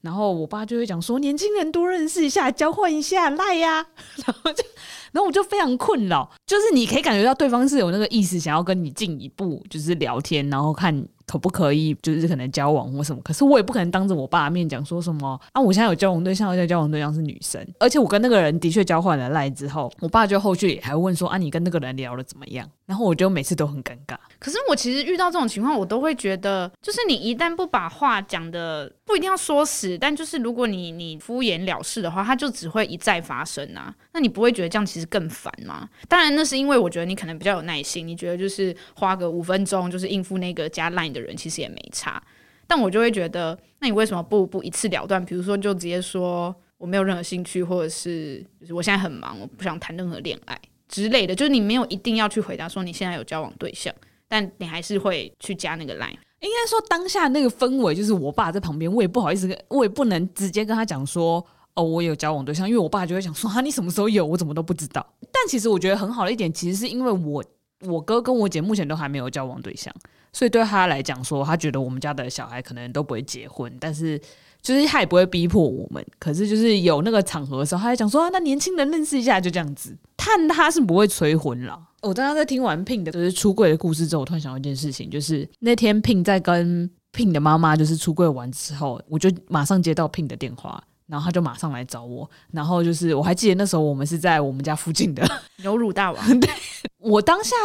然後我爸就會講說：“年輕人多認識一下，交換一下，賴呀、啊。”然後就，然後我就非常困擾，就是你可以感覺到對方是有那個意思，想要跟你進一步就是聊天，然後看。可不可以就是可能交往或什麼？可是我也不可能當着我爸的面講說什麼啊！我現在有交往對象，而且交往對象是女生，而且我跟那個人的確交換了 LINE 之後，我爸就後續也還問說啊，你跟那個人聊得怎麼樣？然後我就每次都很尷尬。可是我其實遇到這種情況，我都會覺得，就是你一旦不把話講得不一定要說死，但就是如果你你敷衍了事的話，他就只會一再發生啊！那你不會覺得這樣其實更煩嗎？當然，那是因為我覺得你可能比較有耐心，你覺得就是花個五分鐘就是應付那個加 line 的。人其實也沒差，但我就會覺得，那你為什麼不不一次了斷？比如說，就直接說我沒有任何興趣，或者是就是我現在很忙，我不想談任何戀愛之類的。就是你沒有一定要去回答說你現在有交往對象，但你還是會去加那個 line。應該說，當下那個氛圍就是我爸在旁邊，我也不好意思，我也不能直接跟他講說哦，我有交往對象，因為我爸就會想說啊，你什麼時候有，我怎麼都不知道。但其實我覺得很好的一點，其實是因為我我哥跟我姐目前都還沒有交往對象。所以對他來講，說他覺得我們家的小孩可能都不會結婚，但是就是他也不會逼迫我們。可是就是有那個場合的時候，他還講說、啊：“那年輕人認識一下，就這樣子。”看他是不會催婚啦。我剛剛在聽完 Pin 的，就是出櫃的故事之後，我突然想到一件事情，就是那天 Pin 在跟 Pin 的媽媽就是出櫃完之後，我就馬上接到 Pin 的電話，然後他就馬上來找我。然後就是我還記得那時候我們是在我們家附近的牛乳大王。 [LAUGHS] 對， [LAUGHS] 我當下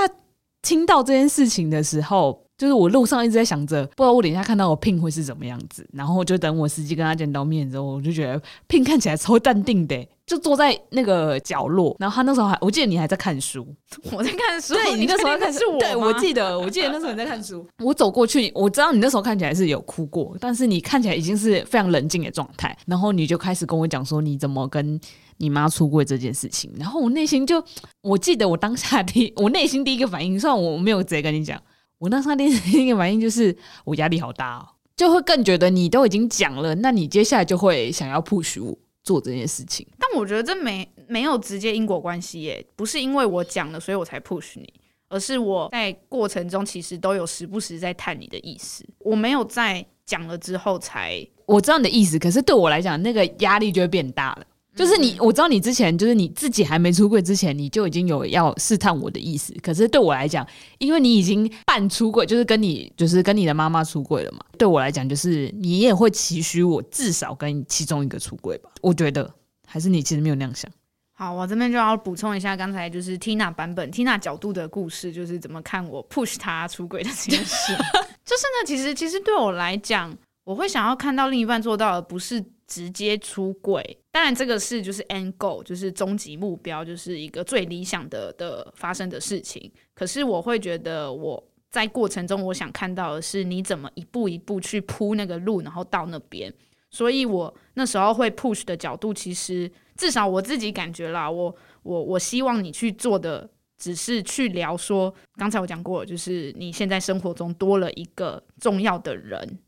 聽到這件事情的時候。就是我路上一直在想着，不知道我等一下看到我 Pin 會是怎麼樣子。然後就等我司機跟他見到面之後，我就覺得 Pin 看起來超淡定的、欸，就坐在那個角落。然後他那時候還，我記得你還在看書，我在看書。對，你那時候在看書，對，我記得，我記得那時候你在看書。 [LAUGHS] 我走過去，我知道你那時候看起來是有哭過，但是你看起來已經是非常冷靜的狀態。然後你就開始跟我講說，你怎麼跟你媽出櫃這件事情。然後我內心就，我記得我當下第，我內心第一個反應，雖然我沒有直接跟你講。我當時那第一個反應就是我壓力好大，哦，就會更覺得你都已經講了，那你接下來就會想要 push 我做這件事情。但我覺得這沒沒有直接因果關係耶，不是因為我講了所以我才 push 你，而是我在過程中其實都有時不時在探你的意思，我沒有在講了之後才我知道你的意思，可是對我來講那個壓力就會變大了。就是你，我知道你之前就是你自己還沒出櫃之前，你就已經有要試探我的意思。可是對我來講，因為你已經半出櫃，就是跟你就是跟你的媽媽出櫃了嘛。對我來講，就是你也會期許我至少跟其中一個出櫃吧。我覺得還是你其實沒有那樣想。好，我這邊就要補充一下剛才就是 Tina 版本 Tina 角度的故事，就是怎麼看我 push 她出櫃的這件事。 [LAUGHS] 就是呢，其實其實對我來講，我會想要看到另一半做到的，而不是。直接出櫃，當然這個是就是 end goal，就是終極目標，就是一個最理想的的發生的事情。可是我會覺得我在過程中，我想看到的是你怎麼一步一步去鋪那個路，然後到那邊。所以我那時候會 push 的角度，其實至少我自己感覺啦，我我我希望你去做的，只是去聊說，剛才我講過，就是你現在生活中多了一個重要的人。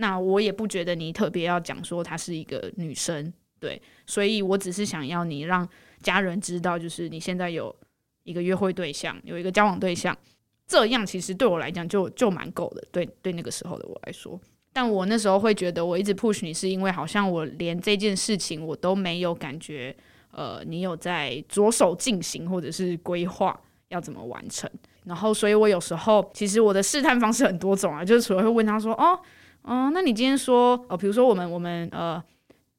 那我也不覺得你特別要講說，她是一個女生，對，所以我只是想要你讓家人知道，就是你現在有一個約會對象，有一個交往對象，這樣其實對我來講就就蠻夠的，對對，那個時候的我來說，但我那時候會覺得我一直 push 你是因為好像我連這件事情我都沒有感覺，呃，你有在着手進行或者是規劃要怎麼完成，然後所以我有時候其實我的試探方式很多種啊，就是除了會問他說哦。哦、嗯，那你今天說，哦，比如說我們我們呃，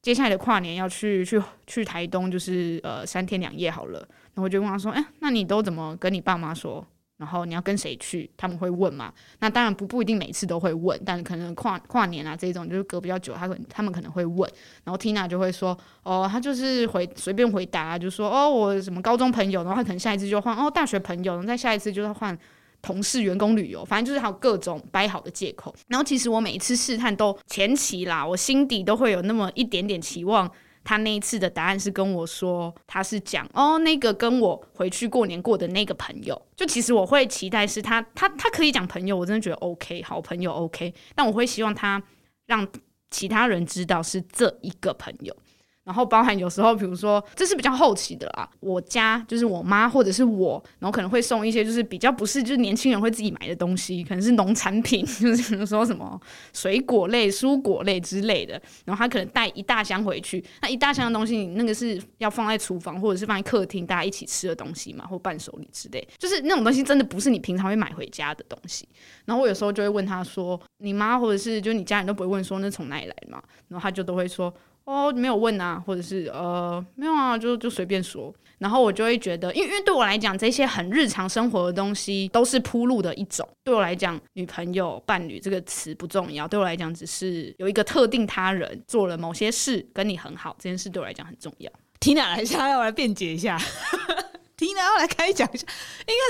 接下來的跨年要去去去台東，就是呃三天兩夜好了，然後我就問他說，哎、欸，那你都怎麼跟你爸媽說？然後你要跟誰去？他們會問嘛。那當然不不一定每次都會問，但可能跨跨年啊這種就是隔比較久，他可能他們可能會問，然後 Tina 就會說，哦、呃，他就是回隨便回答，就說哦我什麼高中朋友，然後他可能下一次就換哦大學朋友，然後再下一次就是換。同事、員工旅遊，反正就是還有各種掰好的借口。然後其實我每一次試探都前期啦，我心底都會有那麼一點點期望，他那一次的答案是跟我說他是講哦那個跟我回去過年過的那個朋友，就其實我會期待是他，他他可以講朋友，我真的覺得 OK，好朋友 OK，但我會希望他讓其他人知道是這一個朋友。然後包含有時候，比如說這是比較後期的啊，我家就是我媽或者是我，然後可能會送一些就是比較不是就是年輕人會自己買的東西，可能是農產品，就是比如說什麼水果類、蔬果類之類的。然後他可能帶一大箱回去，那一大箱的東西，那個是要放在廚房或者是放在客廳大家一起吃的東西嘛，或伴手禮之類，就是那種東西真的不是你平常會買回家的東西。然後我有時候就會問他說，你媽或者是就你家人都不會問說那從哪裡來嘛？然後他就都會說。哦，沒有問啊，或者是呃，沒有啊，就就隨便說。然後我就會覺得，因為因為對我來講，這些很日常生活的東西都是鋪路的一種。對我來講，女朋友、伴侶這個詞不重要。對我來講，只是有一個特定他人做了某些事，跟你很好，這件事對我來講很重要。Tina 來一下，要來辯解一下。Tina 要來開講一下。應該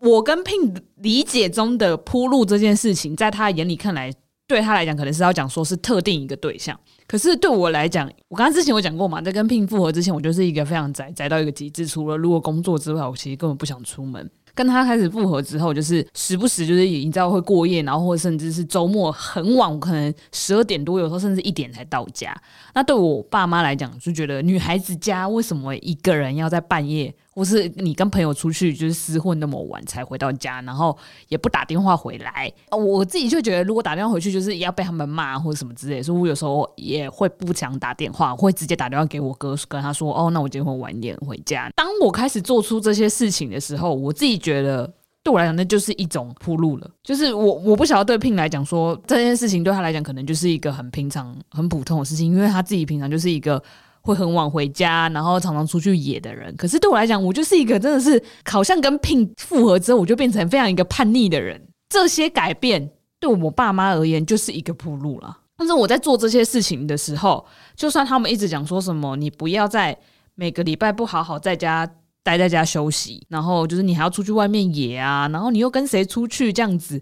說，我跟 Pin 理解中的鋪路這件事情，在他眼裡看來。對他來講，可能是要講說是特定一個對象，可是對我來講，我剛剛之前有講過嘛，在跟聘復合之前，我就是一個非常宅宅到一個極致，除了如果工作之外，我其實根本不想出門。跟他開始復合之後，就是時不時就是你知道會過夜，然後或者甚至是周末很晚，我可能十二點多，有時候甚至一點才到家。那對我爸媽來講，就覺得女孩子家為什麼一個人要在半夜？不是你跟朋友出去就是廝混那麼晚才回到家，然後也不打電話回來。啊，我自己就覺得，如果打電話回去，就是要被他們罵或者什麼之類的。所以我有時候也會不想打電話，會直接打電話給我哥，跟他說：“哦，那我今天會晚點回家。”當我開始做出這些事情的時候，我自己覺得，對我來講，那就是一種鋪路了。就是我，我不曉得對 Pin 來講說這件事情對他來講，可能就是一個很平常、很普通的事情，因為他自己平常就是一個。會很晚回家，然後常常出去野的人。可是對我來講，我就是一個真的是好像跟 Pin 復合之後，我就變成非常一個叛逆的人。這些改變對我爸媽而言就是一個鋪路了。但是我在做這些事情的時候，就算他們一直講說什麼，你不要在每個禮拜不好好在家待在家休息，然後就是你還要出去外面野啊，然後你又跟誰出去這樣子，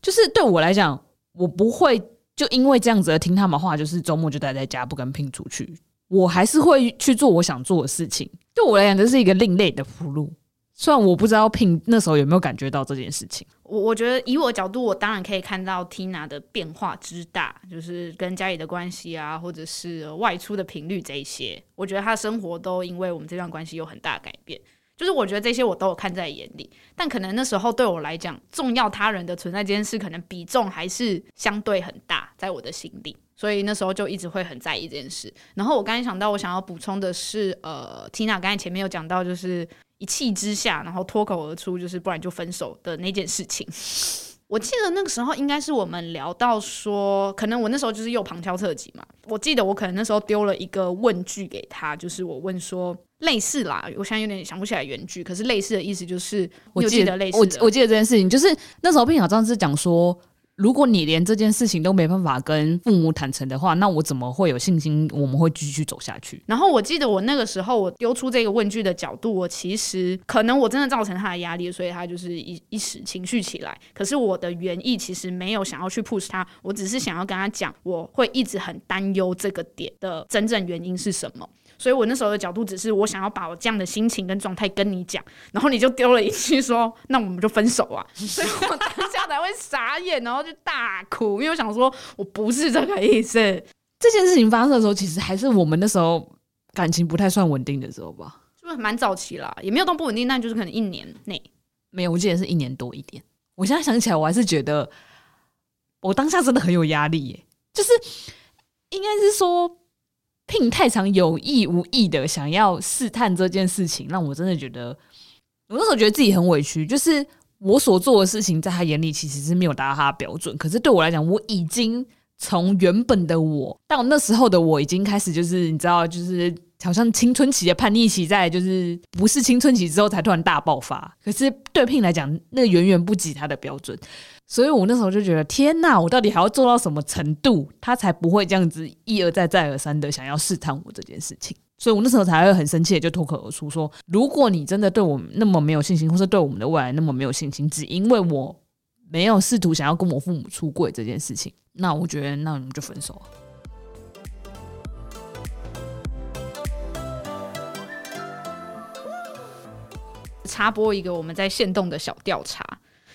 就是對我來講，我不會就因為這樣子而聽他們話，就是周末就待在家，不跟 Pin 出去。我還是會去做我想做的事情，對我來講這是一個另類的俘虜。雖然我不知道 Pin 那時候有沒有感覺到這件事情，我我覺得以我的角度，我當然可以看到 Tina 的變化之大，就是跟家裡的關係啊，或者是外出的頻率這一些，我覺得她生活都因為我們這段關係有很大改變。就是我覺得這些我都有看在眼裡，但可能那時候對我來講，重要他人的存在這件事，可能比重還是相對很大，在我的心裡，所以那時候就一直會很在意這件事。然後我剛才想到，我想要補充的是，呃，Tina 剛才前面有講到，就是一氣之下，然後脫口而出，就是不然就分手的那件事情。 [LAUGHS] 我記得那個時候應該是我們聊到說，可能我那時候就是又旁敲側擊嘛。我記得我可能那時候丟了一個問句給他，就是我問說。類似啦，我現在有點想不起來原句，可是類似的意思就是我記得，記得類似的我，我我記得這件事情，就是那時候平常是講說，如果你連這件事情都沒辦法跟父母坦誠的話，那我怎麼會有信心我們會繼續走下去？然後我記得我那個時候我丟出這個問句的角度，我其實可能我真的造成他的壓力，所以他就是一一時情緒起來。可是我的原意其實沒有想要去 push 他，我只是想要跟他講，我會一直很擔憂這個點的真正原因是什麼。所以，我那時候的角度只是我想要把我這樣的心情跟狀態跟你講，然後你就丟了一句說：“那我們就分手啊！”所以我當下才會傻眼，然後就大哭，因為我想說，我不是這個意思。這件事情發生的時候，其實還是我們那時候感情不太算穩定的時候吧？是不是蠻早期啦？也沒有到不穩定，但就是可能一年內沒有。我記得是一年多一點。我現在想起來，我還是覺得我當下真的很有壓力耶、欸，就是應該是說。聘太常有意無意的想要試探這件事情，讓我真的覺得，我那時候覺得自己很委屈，就是我所做的事情在他眼裡其實是沒有達到他的標準，可是對我來講，我已經從原本的我到那時候的我，已經開始就是你知道，就是好像青春期的叛逆期在，在就是不是青春期之後才突然大爆發，可是對聘來講，那個遠遠不及他的標準。所以我那時候就覺得，天哪！我到底還要做到什麼程度，他才不會這樣子一而再、再而三的想要試探我這件事情？所以我那時候才會很生氣，就脫口而出說：“如果你真的對我們那麼沒有信心，或者對我們的未來那麼沒有信心，只因為我沒有試圖想要跟我父母出櫃這件事情，那我覺得那我們就分手了。”插播一個我們在限動的小調查。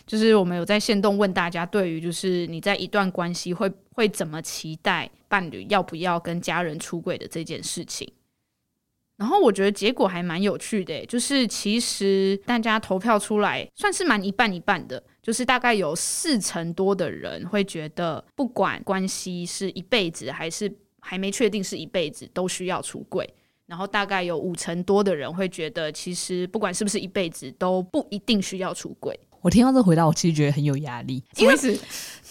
就是我們有在限動問大家，對於就是你在一段關係會會怎麼期待伴侶要不要跟家人出櫃的這件事情，然後我覺得結果還蠻有趣的，就是其實大家投票出來算是蠻一半一半的，就是大概有四成多的人會覺得，不管關係是一輩子還是還沒確定是一輩子，都需要出櫃；然後大概有五成多的人會覺得，其實不管是不是一輩子，都不一定需要出櫃。我聽到這回答，我其實覺得很有壓力，因為是，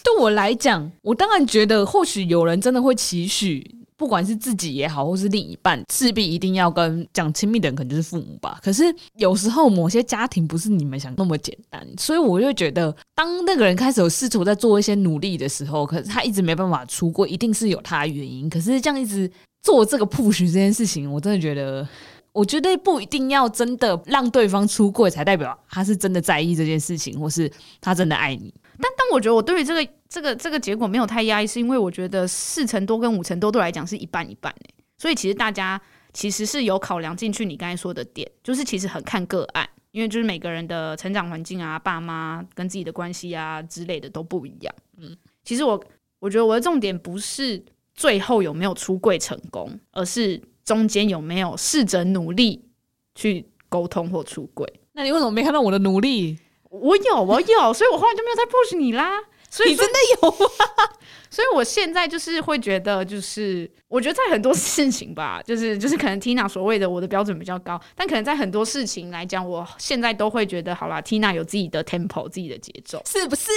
對我來講，我當然覺得或許有人真的會期許，不管是自己也好，或是另一半，勢必一定要跟講親密的人，可能就是父母吧。可是有時候某些家庭不是你們想那麼簡單，所以我就覺得，當那個人開始有試圖在做一些努力的時候，可是他一直沒辦法出櫃，一定是有他的原因。可是這樣一直做這個 push 這件事情，我真的覺得。我覺得不一定要真的讓對方出櫃，才代表他是真的在意這件事情，或是他真的愛你。但但我覺得我對於這個這個這個結果沒有太壓抑，是因為我覺得四成多跟五成多都來講是一半一半欸。所以其實大家其實是有考量進去你剛才說的點，就是其實很看個案，因為就是每個人的成長環境啊、爸媽跟自己的關係啊之類的都不一樣。嗯，其實我我覺得我的重點不是最後有沒有出櫃成功，而是。中間有沒有試着努力去溝通或出櫃？那你為什麼沒看到我的努力？我有，我有， [LAUGHS] 所以我後來就沒有再 push 你啦。所以你真的有啊。 [LAUGHS] 所以我現在就是會覺得，就是我覺得在很多事情吧，就是就是可能 Tina 所謂的我的標準比較高，但可能在很多事情來講，我現在都會覺得好啦，Tina 有自己的 tempo 自己的節奏，是不是？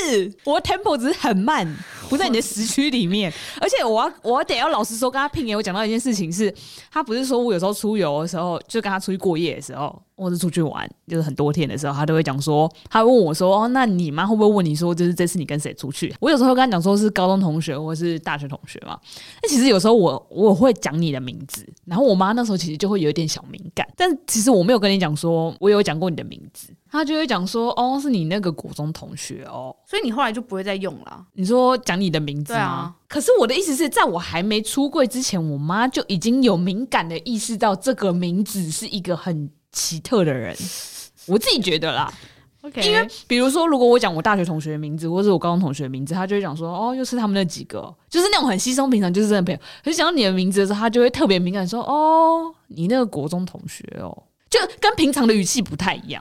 我 tempo 只是很慢，不在你的時區裡面。 [LAUGHS] 而且我要我得要，要老實說，跟他拼，我講到一件事情是，他不是說我有時候出遊的時候，就跟他出去過夜的時候，或是出去玩，就是很多天的時候，他都會講說，他問我說，哦，那你媽會不會問你說，就是這次你跟誰出去？我有時候會跟他講說是高中同學學或是大學同學嘛，那其實有時候我我會講你的名字，然後我媽那時候其實就會有點小敏感，但其實我沒有跟你講說我有講過你的名字，她就會講說，哦，是你那個國中同學哦，所以你後來就不會再用了。你說講你的名字啊，對啊。可是我的意思是在我還沒出櫃之前，我媽就已經有敏感地意識到這個名字是一個很奇特的人， [LAUGHS] 我自己覺得啦。Okay 因為，比如說，如果我講我大學同學的名字，或是我高中同學的名字，他就會講說：“哦，又是他們那幾個，就是那種很稀鬆平常就是這樣的朋友。”很想到你的名字的時候，他就會特別敏感，說：“哦，你那個國中同學哦，就跟平常的語氣不太一樣。”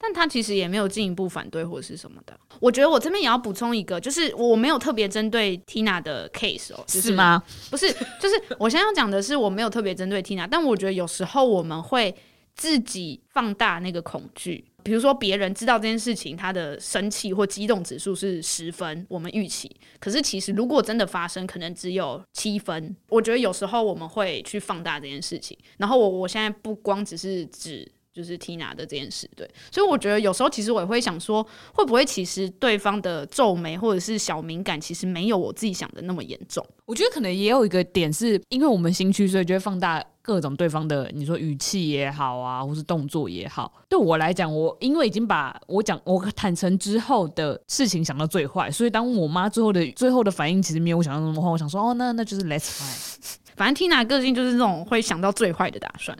但他其實也沒有進一步反對或是什麼的。我覺得我這邊也要補充一個，就是我沒有特別針對 Tina 的 case 哦，就是、是嗎？不是，就是我現在要講的是我沒有特別針對 Tina，但我覺得有時候我們會。自己放大那個恐懼，比如說別人知道這件事情，他的生氣或激動指數是十分，我們預期。可是其實如果真的發生，可能只有七分。我覺得有時候我們會去放大這件事情。然後我我現在不光只是指就是 Tina 的這件事，對。所以我覺得有時候其實我也會想說，會不會其實對方的皺眉或者是小敏感，其實沒有我自己想的那麼嚴重。我覺得可能也有一個點是，是因為我們心虛，所以就會放大。各種對方的，你說語氣也好啊，或是動作也好，對我來講，我因為已經把我講我坦誠之後的事情想到最壞，所以當我媽最後的最後的反應其實沒有我想象中那麼壞，我想說哦，那那就是 let's fight。反正 Tina 個性就是那種會想到最壞的打算，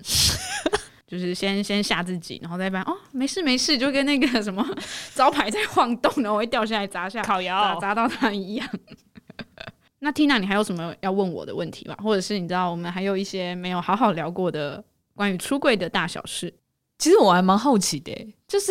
[LAUGHS] 就是先先嚇自己，然後再扮哦沒事沒事，就跟那個什麼招牌在晃動，然後我會掉下來砸下烤窑謠砸砸到他一樣。 [LAUGHS] 那 Tina，你還有什麼要問我的問題嗎？或者是你知道我們還有一些沒有好好聊過的關於出櫃的大小事？其實我還蠻好奇的、欸，就是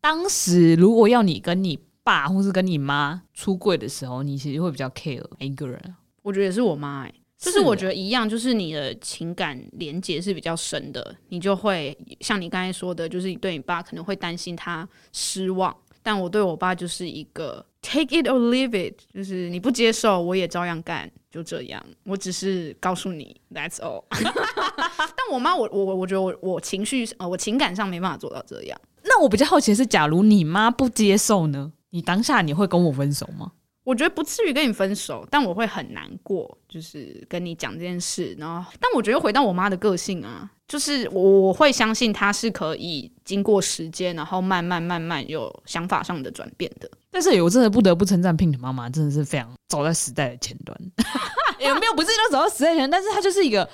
當時如果要你跟你爸或是跟你媽出櫃的時候，你其實會比較 care、欸、一個人？我覺得也是我媽，哎，就是我覺得一樣，就是你的情感連接是比較深的，你就會像你剛才說的，就是你對你爸可能會擔心他失望，但我對我爸就是一個。Take it or leave it，就是你不接受，我也照樣幹，就這樣。我只是告訴你，That's all。 [LAUGHS] 但我媽，我我我覺得我我情緒呃，我情感上沒辦法做到這樣。那我比較好奇的是，假如你媽不接受呢？你當下你會跟我分手嗎？我覺得不至於跟你分手，但我會很難過，就是跟你講這件事。然後，但我覺得回到我媽的個性啊，就是我會相信她是可以經過時間，然後慢慢慢慢有想法上的轉變的。但是我真的不得不稱讚 Pin 媽媽，真的是非常走在時代的前端。 [LAUGHS] 也沒有，不是說走到時代前端，但是她就是一個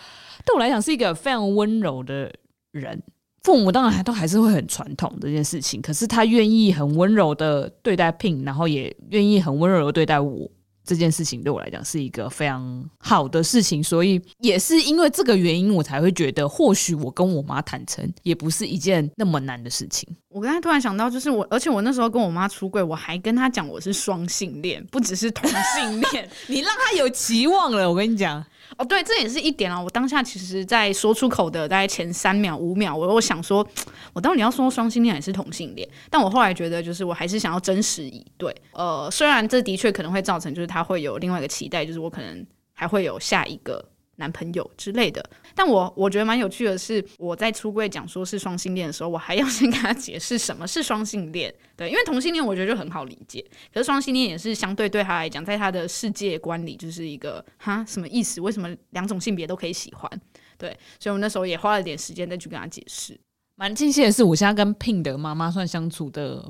對我來講是一個非常溫柔的人。父母當然還都還是會很傳統的這件事情，可是他願意很溫柔的對待 Pin，然後也願意很溫柔的對待我。這件事情對我來講是一個非常好的事情，所以也是因為這個原因，我才會覺得或許我跟我媽坦誠也不是一件那麼難的事情。我剛才突然想到，就是我，而且我那時候跟我媽出櫃，我還跟她講我是雙性戀，不只是同性戀。 [LAUGHS] [LAUGHS] 你讓她有期望了。我跟你講。哦，對，這也是一點啊。我當下其實在說出口的大概前三秒五秒，我我想說，我到底要說雙性戀還是同性戀？但我後來覺得，就是我還是想要真實一點。呃，雖然這的確可能會造成，就是他會有另外一個期待，就是我可能還會有下一個。男朋友之類的，但我我覺得蠻有趣的是，我在出櫃講說是雙性戀的時候，我還要先跟他解釋什麼是雙性戀。對，因為同性戀我覺得就很好理解，可是雙性戀也是相對對他來講，在他的世界觀裡就是一個哈什麼意思？為什麼兩種性別都可以喜歡？對，所以，我們那時候也花了點時間再去跟他解釋。蠻慶幸的是，我現在跟 Pin 的媽媽算相處的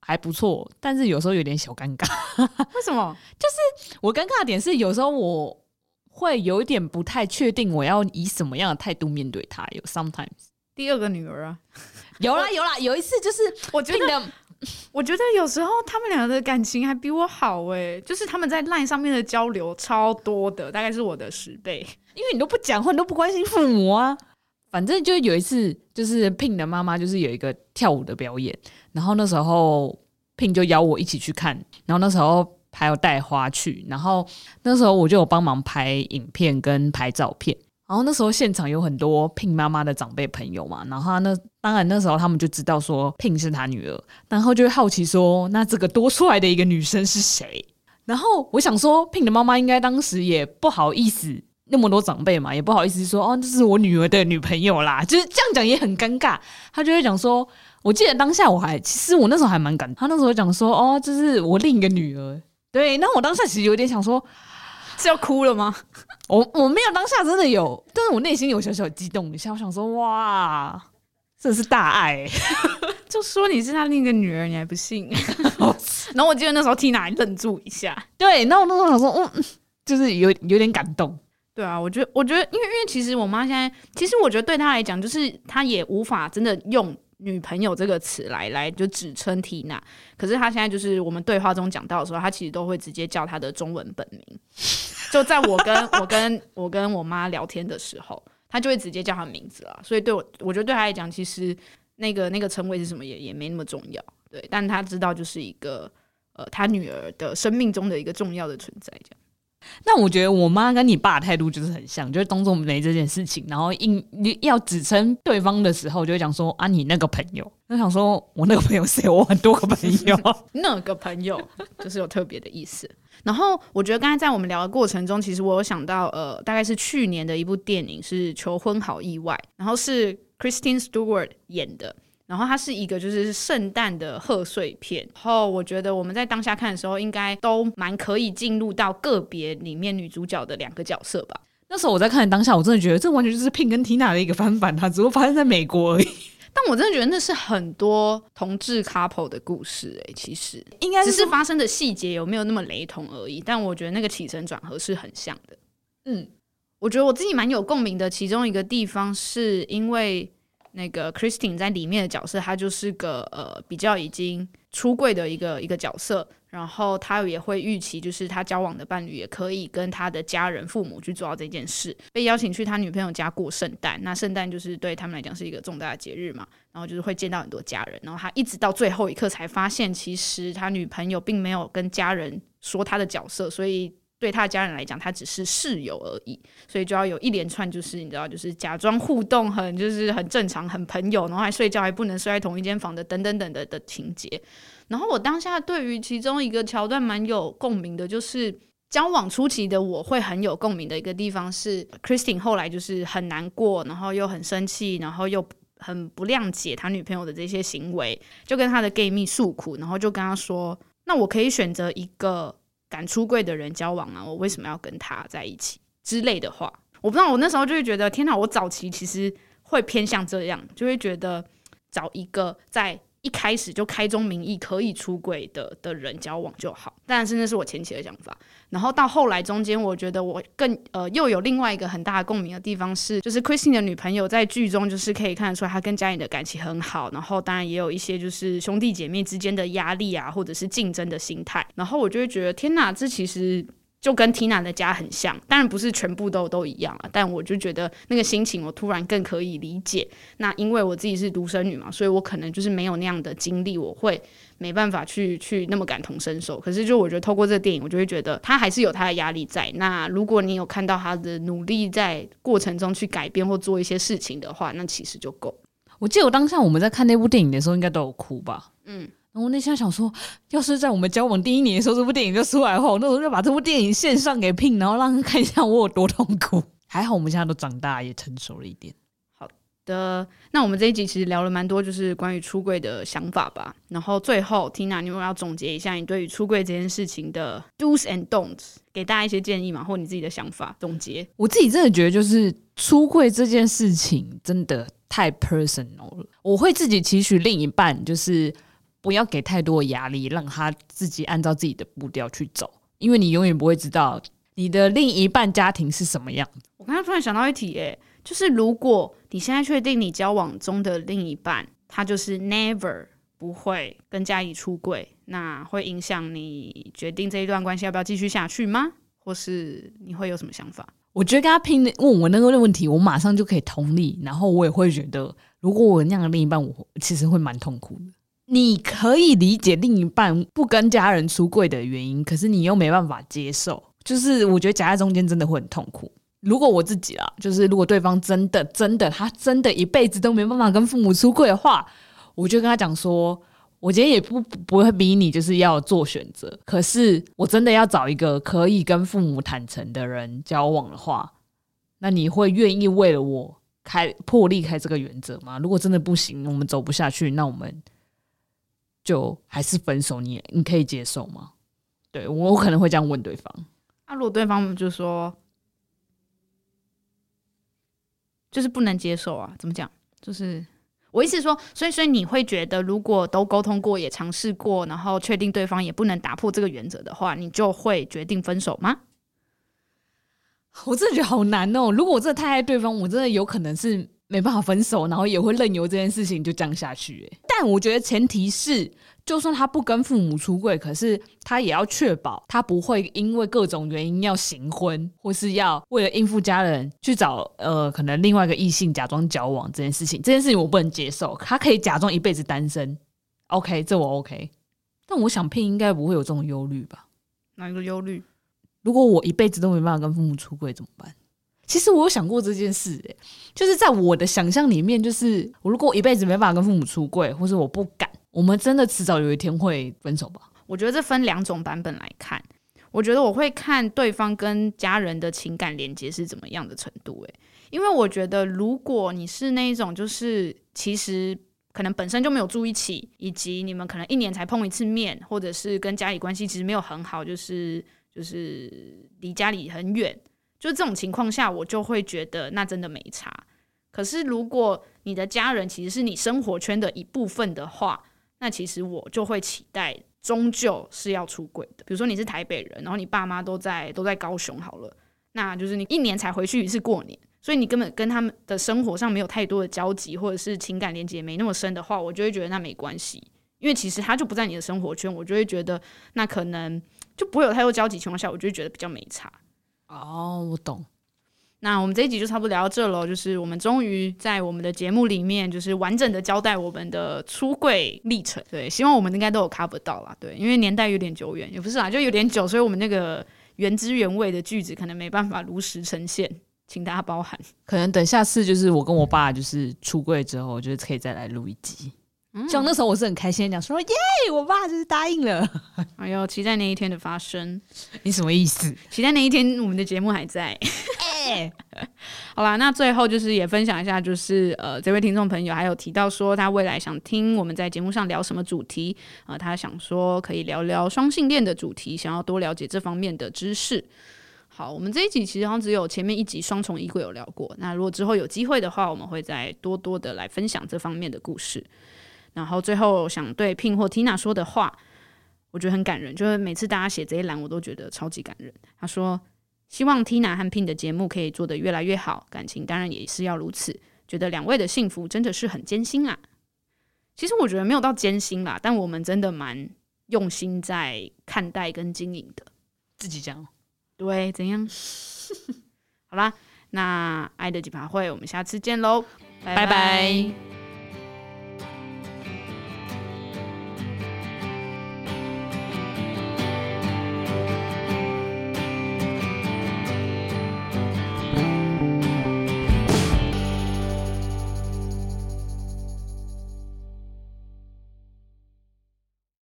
還不錯，但是有時候有點小尷尬。為什麼？ [LAUGHS] 就是我尷尬的點是有時候我會有一點不太確定，我要以什麼樣的態度面對他？有 sometimes 第二個女兒啊， [LAUGHS] 有啦有啦， [LAUGHS] 有一次就是，Pin 的我覺得 [LAUGHS] 我覺得有時候他們兩個的感情還比我好誒、欸，就是他們在 line 上面的交流超多的，大概是我的十倍， [LAUGHS] 因為你都不講話，你都不關心父母啊。 [LAUGHS] 反正就有一次，就是 Pin 的媽媽就是有一個跳舞的表演，然後那時候 Pin 就邀我一起去看，然後那時候。還有帶花去，然後那時候我就有幫忙拍影片跟拍照片。然後那時候現場有很多 Pin 媽媽的長輩朋友嘛，然後他那當然那時候他們就知道說 Pin 是他女兒，然後就會好奇說那這個多出來的一個女生是誰？然後我想說 Pin 的媽媽應該當時也不好意思那麼多長輩嘛，也不好意思說哦這是我女兒的女朋友啦，就是這樣講也很尷尬。他就會講說，我記得當下我還其實我那時候還蠻感動，他那時候講說哦這是我另一個女兒。對，那我當下其實有點想說是要哭了嗎？我我沒有當下真的有，但是我內心有小小的激動一下，我想說哇，這是大愛、欸， [LAUGHS] 就說你是他另一個女兒，你還不信？ [LAUGHS] [LAUGHS] 然後我記得那時候 Tina 愣住一下，對，然後我那時候想說，嗯，就是有有點感動。對啊，我覺得，我覺得，因為因為其實我媽現在，其實我覺得對她來講，就是她也無法真的用。女朋友這個詞來來就指稱緹娜，可是她現在就是我們對話中講到的時候，她其實都會直接叫她的中文本名。就在我跟， [LAUGHS] 我，跟我跟我跟我媽聊天的時候，她就會直接叫她名字了。所以對我，我覺得對她來講，其實那個那個稱謂是什麼也也沒那麼重要。對，但她知道就是一個呃，她女兒的生命中的一個重要的存在，這樣。那我覺得我媽跟你爸態度就是很像，就是當做沒這件事情，然後硬要指稱對方的時候，就會講說啊，你那個朋友，那想說我那個朋友是有我很多個朋友， [LAUGHS] 那個朋友就是有特別的意思。 [LAUGHS] 然後我覺得剛才在我們聊的過程中，其實我有想到呃，大概是去年的一部電影是《求婚好意外》，然後是 Christine Stewart 演的，然後它是一個就是聖誕的賀歲片，然後我覺得我們在當下看的時候，應該都蠻可以進入到個別裡面女主角的兩個角色吧。那時候我在看的當下，我真的覺得這完全就是 Pin 跟 Tina 的一個翻版，它只不過發生在美國而已。但我真的覺得那是很多同志 couple 的故事哎、欸，其實應該是只是發生的細節有沒有那麼雷同而已，但我覺得那個起承轉合是很像的。嗯，我覺得我自己蠻有共鳴的，其中一個地方是因為。那個 Christine 在裡面的角色，他就是個呃比較已經出櫃的一個一個角色，然後他也會預期，就是他交往的伴侶也可以跟他的家人、父母去做到這件事，被邀請去他女朋友家過聖誕。那聖誕就是對他們來講是一個重大的節日嘛，然後就是會見到很多家人，然後他一直到最後一刻才發現，其實他女朋友並沒有跟家人說他的角色，所以。對他家人來講，他只是室友而已，所以就要有一連串就是你知道，就是假裝互動很就是很正常，很朋友，然後還睡覺還不能睡在同一間房的等等等等的的情節。然後我當下對於其中一個橋段蠻有共鳴的，就是交往初期的我會很有共鳴的一個地方是，Christine 後來就是很難過，然後又很生氣，然後又很不諒解他女朋友的這些行為，就跟他的 gay 蜜訴苦，然後就跟他說：“那我可以選擇一個。”敢出櫃的人交往啊，我為什麼要跟他在一起之類的話，我不知道。我那時候就會覺得，天吶，我早期其實會偏向這樣，就會覺得找一個在。一開始就開宗明義，可以出櫃的的人交往就好，但是那是我前期的想法。然後到後來中間，我覺得我更呃又有另外一個很大的共鳴的地方是，就是 Christine 的女朋友在劇中就是可以看得出來，她跟家裡的感情很好，然後當然也有一些就是兄弟姐妹之間的壓力啊，或者是競爭的心態。然後我就會覺得，天哪，這其實。就跟 Tina 的家很像，當然不是全部都都一樣啊。但我就覺得那個心情，我突然更可以理解。那因為我自己是獨生女嘛，所以我可能就是沒有那樣的經歷，我會沒辦法去去那麼感同身受。可是就我覺得，透過這個電影，我就會覺得他還是有他的壓力在。那如果你有看到他的努力在過程中去改變或做一些事情的話，那其實就夠。我記得我當下我們在看那部電影的時候，應該都有哭吧？嗯。我、哦、那下想說，要是在我們交往第一年的時候，這部電影就出來後，那我那時候就把這部電影線上給 Pin，然後讓人看一下我有多痛苦。還好我們現在都長大，也成熟了一點。好的，那我們這一集其實聊了蠻多，就是關於出櫃的想法吧。然後最後，Tina，你有沒有要總結一下你對於出櫃這件事情的 dos and don'ts，給大家一些建議嘛，或你自己的想法總結。我自己真的覺得，就是出櫃這件事情真的太 personal 了。我會自己期許另一半，就是。不要給太多壓力，讓他自己按照自己的步調去走，因為你永遠不會知道你的另一半家庭是什麼樣的。我剛剛突然想到一題，欸，誒，就是如果你現在確定你交往中的另一半，他就是 never 不會跟家裡出櫃，那會影響你決定這一段關係要不要繼續下去嗎？或是你會有什麼想法？我覺得跟他拼問我那個問題，我馬上就可以同理，然後我也會覺得，如果我那樣的另一半，我其實會蠻痛苦的。你可以理解另一半不跟家人出櫃的原因，可是你又沒辦法接受，就是我覺得夾在中間真的會很痛苦。如果我自己啦，就是如果對方真的真的他真的一輩子都沒辦法跟父母出櫃的話，我就跟他講說，我今天也不不會逼你，就是要做選擇。可是我真的要找一個可以跟父母坦誠的人交往的話，那你會願意為了我開破例開這個原則嗎？如果真的不行，我們走不下去，那我們。就還是分手，你你可以接受嗎？對，我可能會這樣問對方。那、啊、如果對方就說，就是不能接受啊？怎麼講？就是我意思說，所以所以你會覺得，如果都溝通過，也嘗試過，然後確定對方也不能打破這個原則的話，你就會決定分手嗎？我真的覺得好難哦。如果我真的太愛對方，我真的有可能是。沒辦法分手，然後也會任由這件事情就這樣下去。但我覺得前提是，就算他不跟父母出櫃，可是他也要確保他不會因為各種原因要形婚，或是要為了應付家人去找呃可能另外一個異性假裝交往這件事情。這件事情我不能接受。他可以假裝一輩子單身，OK，這我 OK。但我想 Pin 應該不會有這種憂慮吧？哪一個憂慮？如果我一輩子都沒辦法跟父母出櫃怎麼辦？其實我有想過這件事，欸，誒，就是在我的想象裡面，就是我如果一輩子沒辦法跟父母出櫃，或是我不敢，我們真的遲早有一天會分手吧？我覺得這分兩種版本來看，我覺得我會看對方跟家人的情感連接是怎麼樣的程度，欸，誒，因為我覺得如果你是那一種，就是其實可能本身就沒有住一起，以及你們可能一年才碰一次面，或者是跟家裡關係其實沒有很好，就是就是離家裡很遠。就這種情況下，我就會覺得那真的沒差。可是如果你的家人其實是你生活圈的一部分的話，那其實我就會期待終究是要出櫃的。比如說你是台北人，然後你爸媽都在，都在高雄好了，那就是你一年才回去一次過年，所以你根本跟他們的生活上沒有太多的交集，或者是情感連接沒那麼深的話，我就會覺得那沒關係，因為其實他就不在你的生活圈，我就會覺得那可能就不會有太多交集情況下，我就會覺得比較沒差。哦，oh, 我懂。那我們這一集就差不多聊到這嘍，就是我們終於在我們的節目裡面，就是完整的交代我們的出櫃歷程。對，希望我們應該都有 cover 到啦。對，因為年代有點久遠，也不是啦，就有點久，所以我們那個原汁原味的句子可能沒辦法如實呈現，請大家包涵。可能等下次就是我跟我爸就是出櫃之後，就是可以再來錄一集。像那時候我是很開心的講說，耶，我爸就是答應了。 [LAUGHS] 哎呦，期待那一天的發生。你什麼意思？期待那一天，我們的節目還在。哎、 [LAUGHS] 欸，好啦，那最後就是也分享一下，就是呃，這位聽眾朋友還有提到說他未來想聽我們在節目上聊什麼主題，呃，他想說可以聊聊雙性戀的主題，想要多了解這方面的知識。好，我們這一集其實好像只有前面一集雙重衣櫃有聊過。那如果之後有機會的話，我們會再多多的來分享這方面的故事。然後最後想對 Pin 或 Tina 說的話，我覺得很感人。就是每次大家寫這一欄，我都覺得超級感人。他說：“希望 Tina 和 Pin 的節目可以做得越來越好，感情當然也是要如此。覺得兩位的幸福真的是很艱辛啦、啊。其實我覺得沒有到艱辛啦，但我們真的蠻用心在看待跟經營的。自己講，對，怎樣？ [LAUGHS] 好啦，那愛的幾趴火，我們下次見嘍，拜拜。拜拜”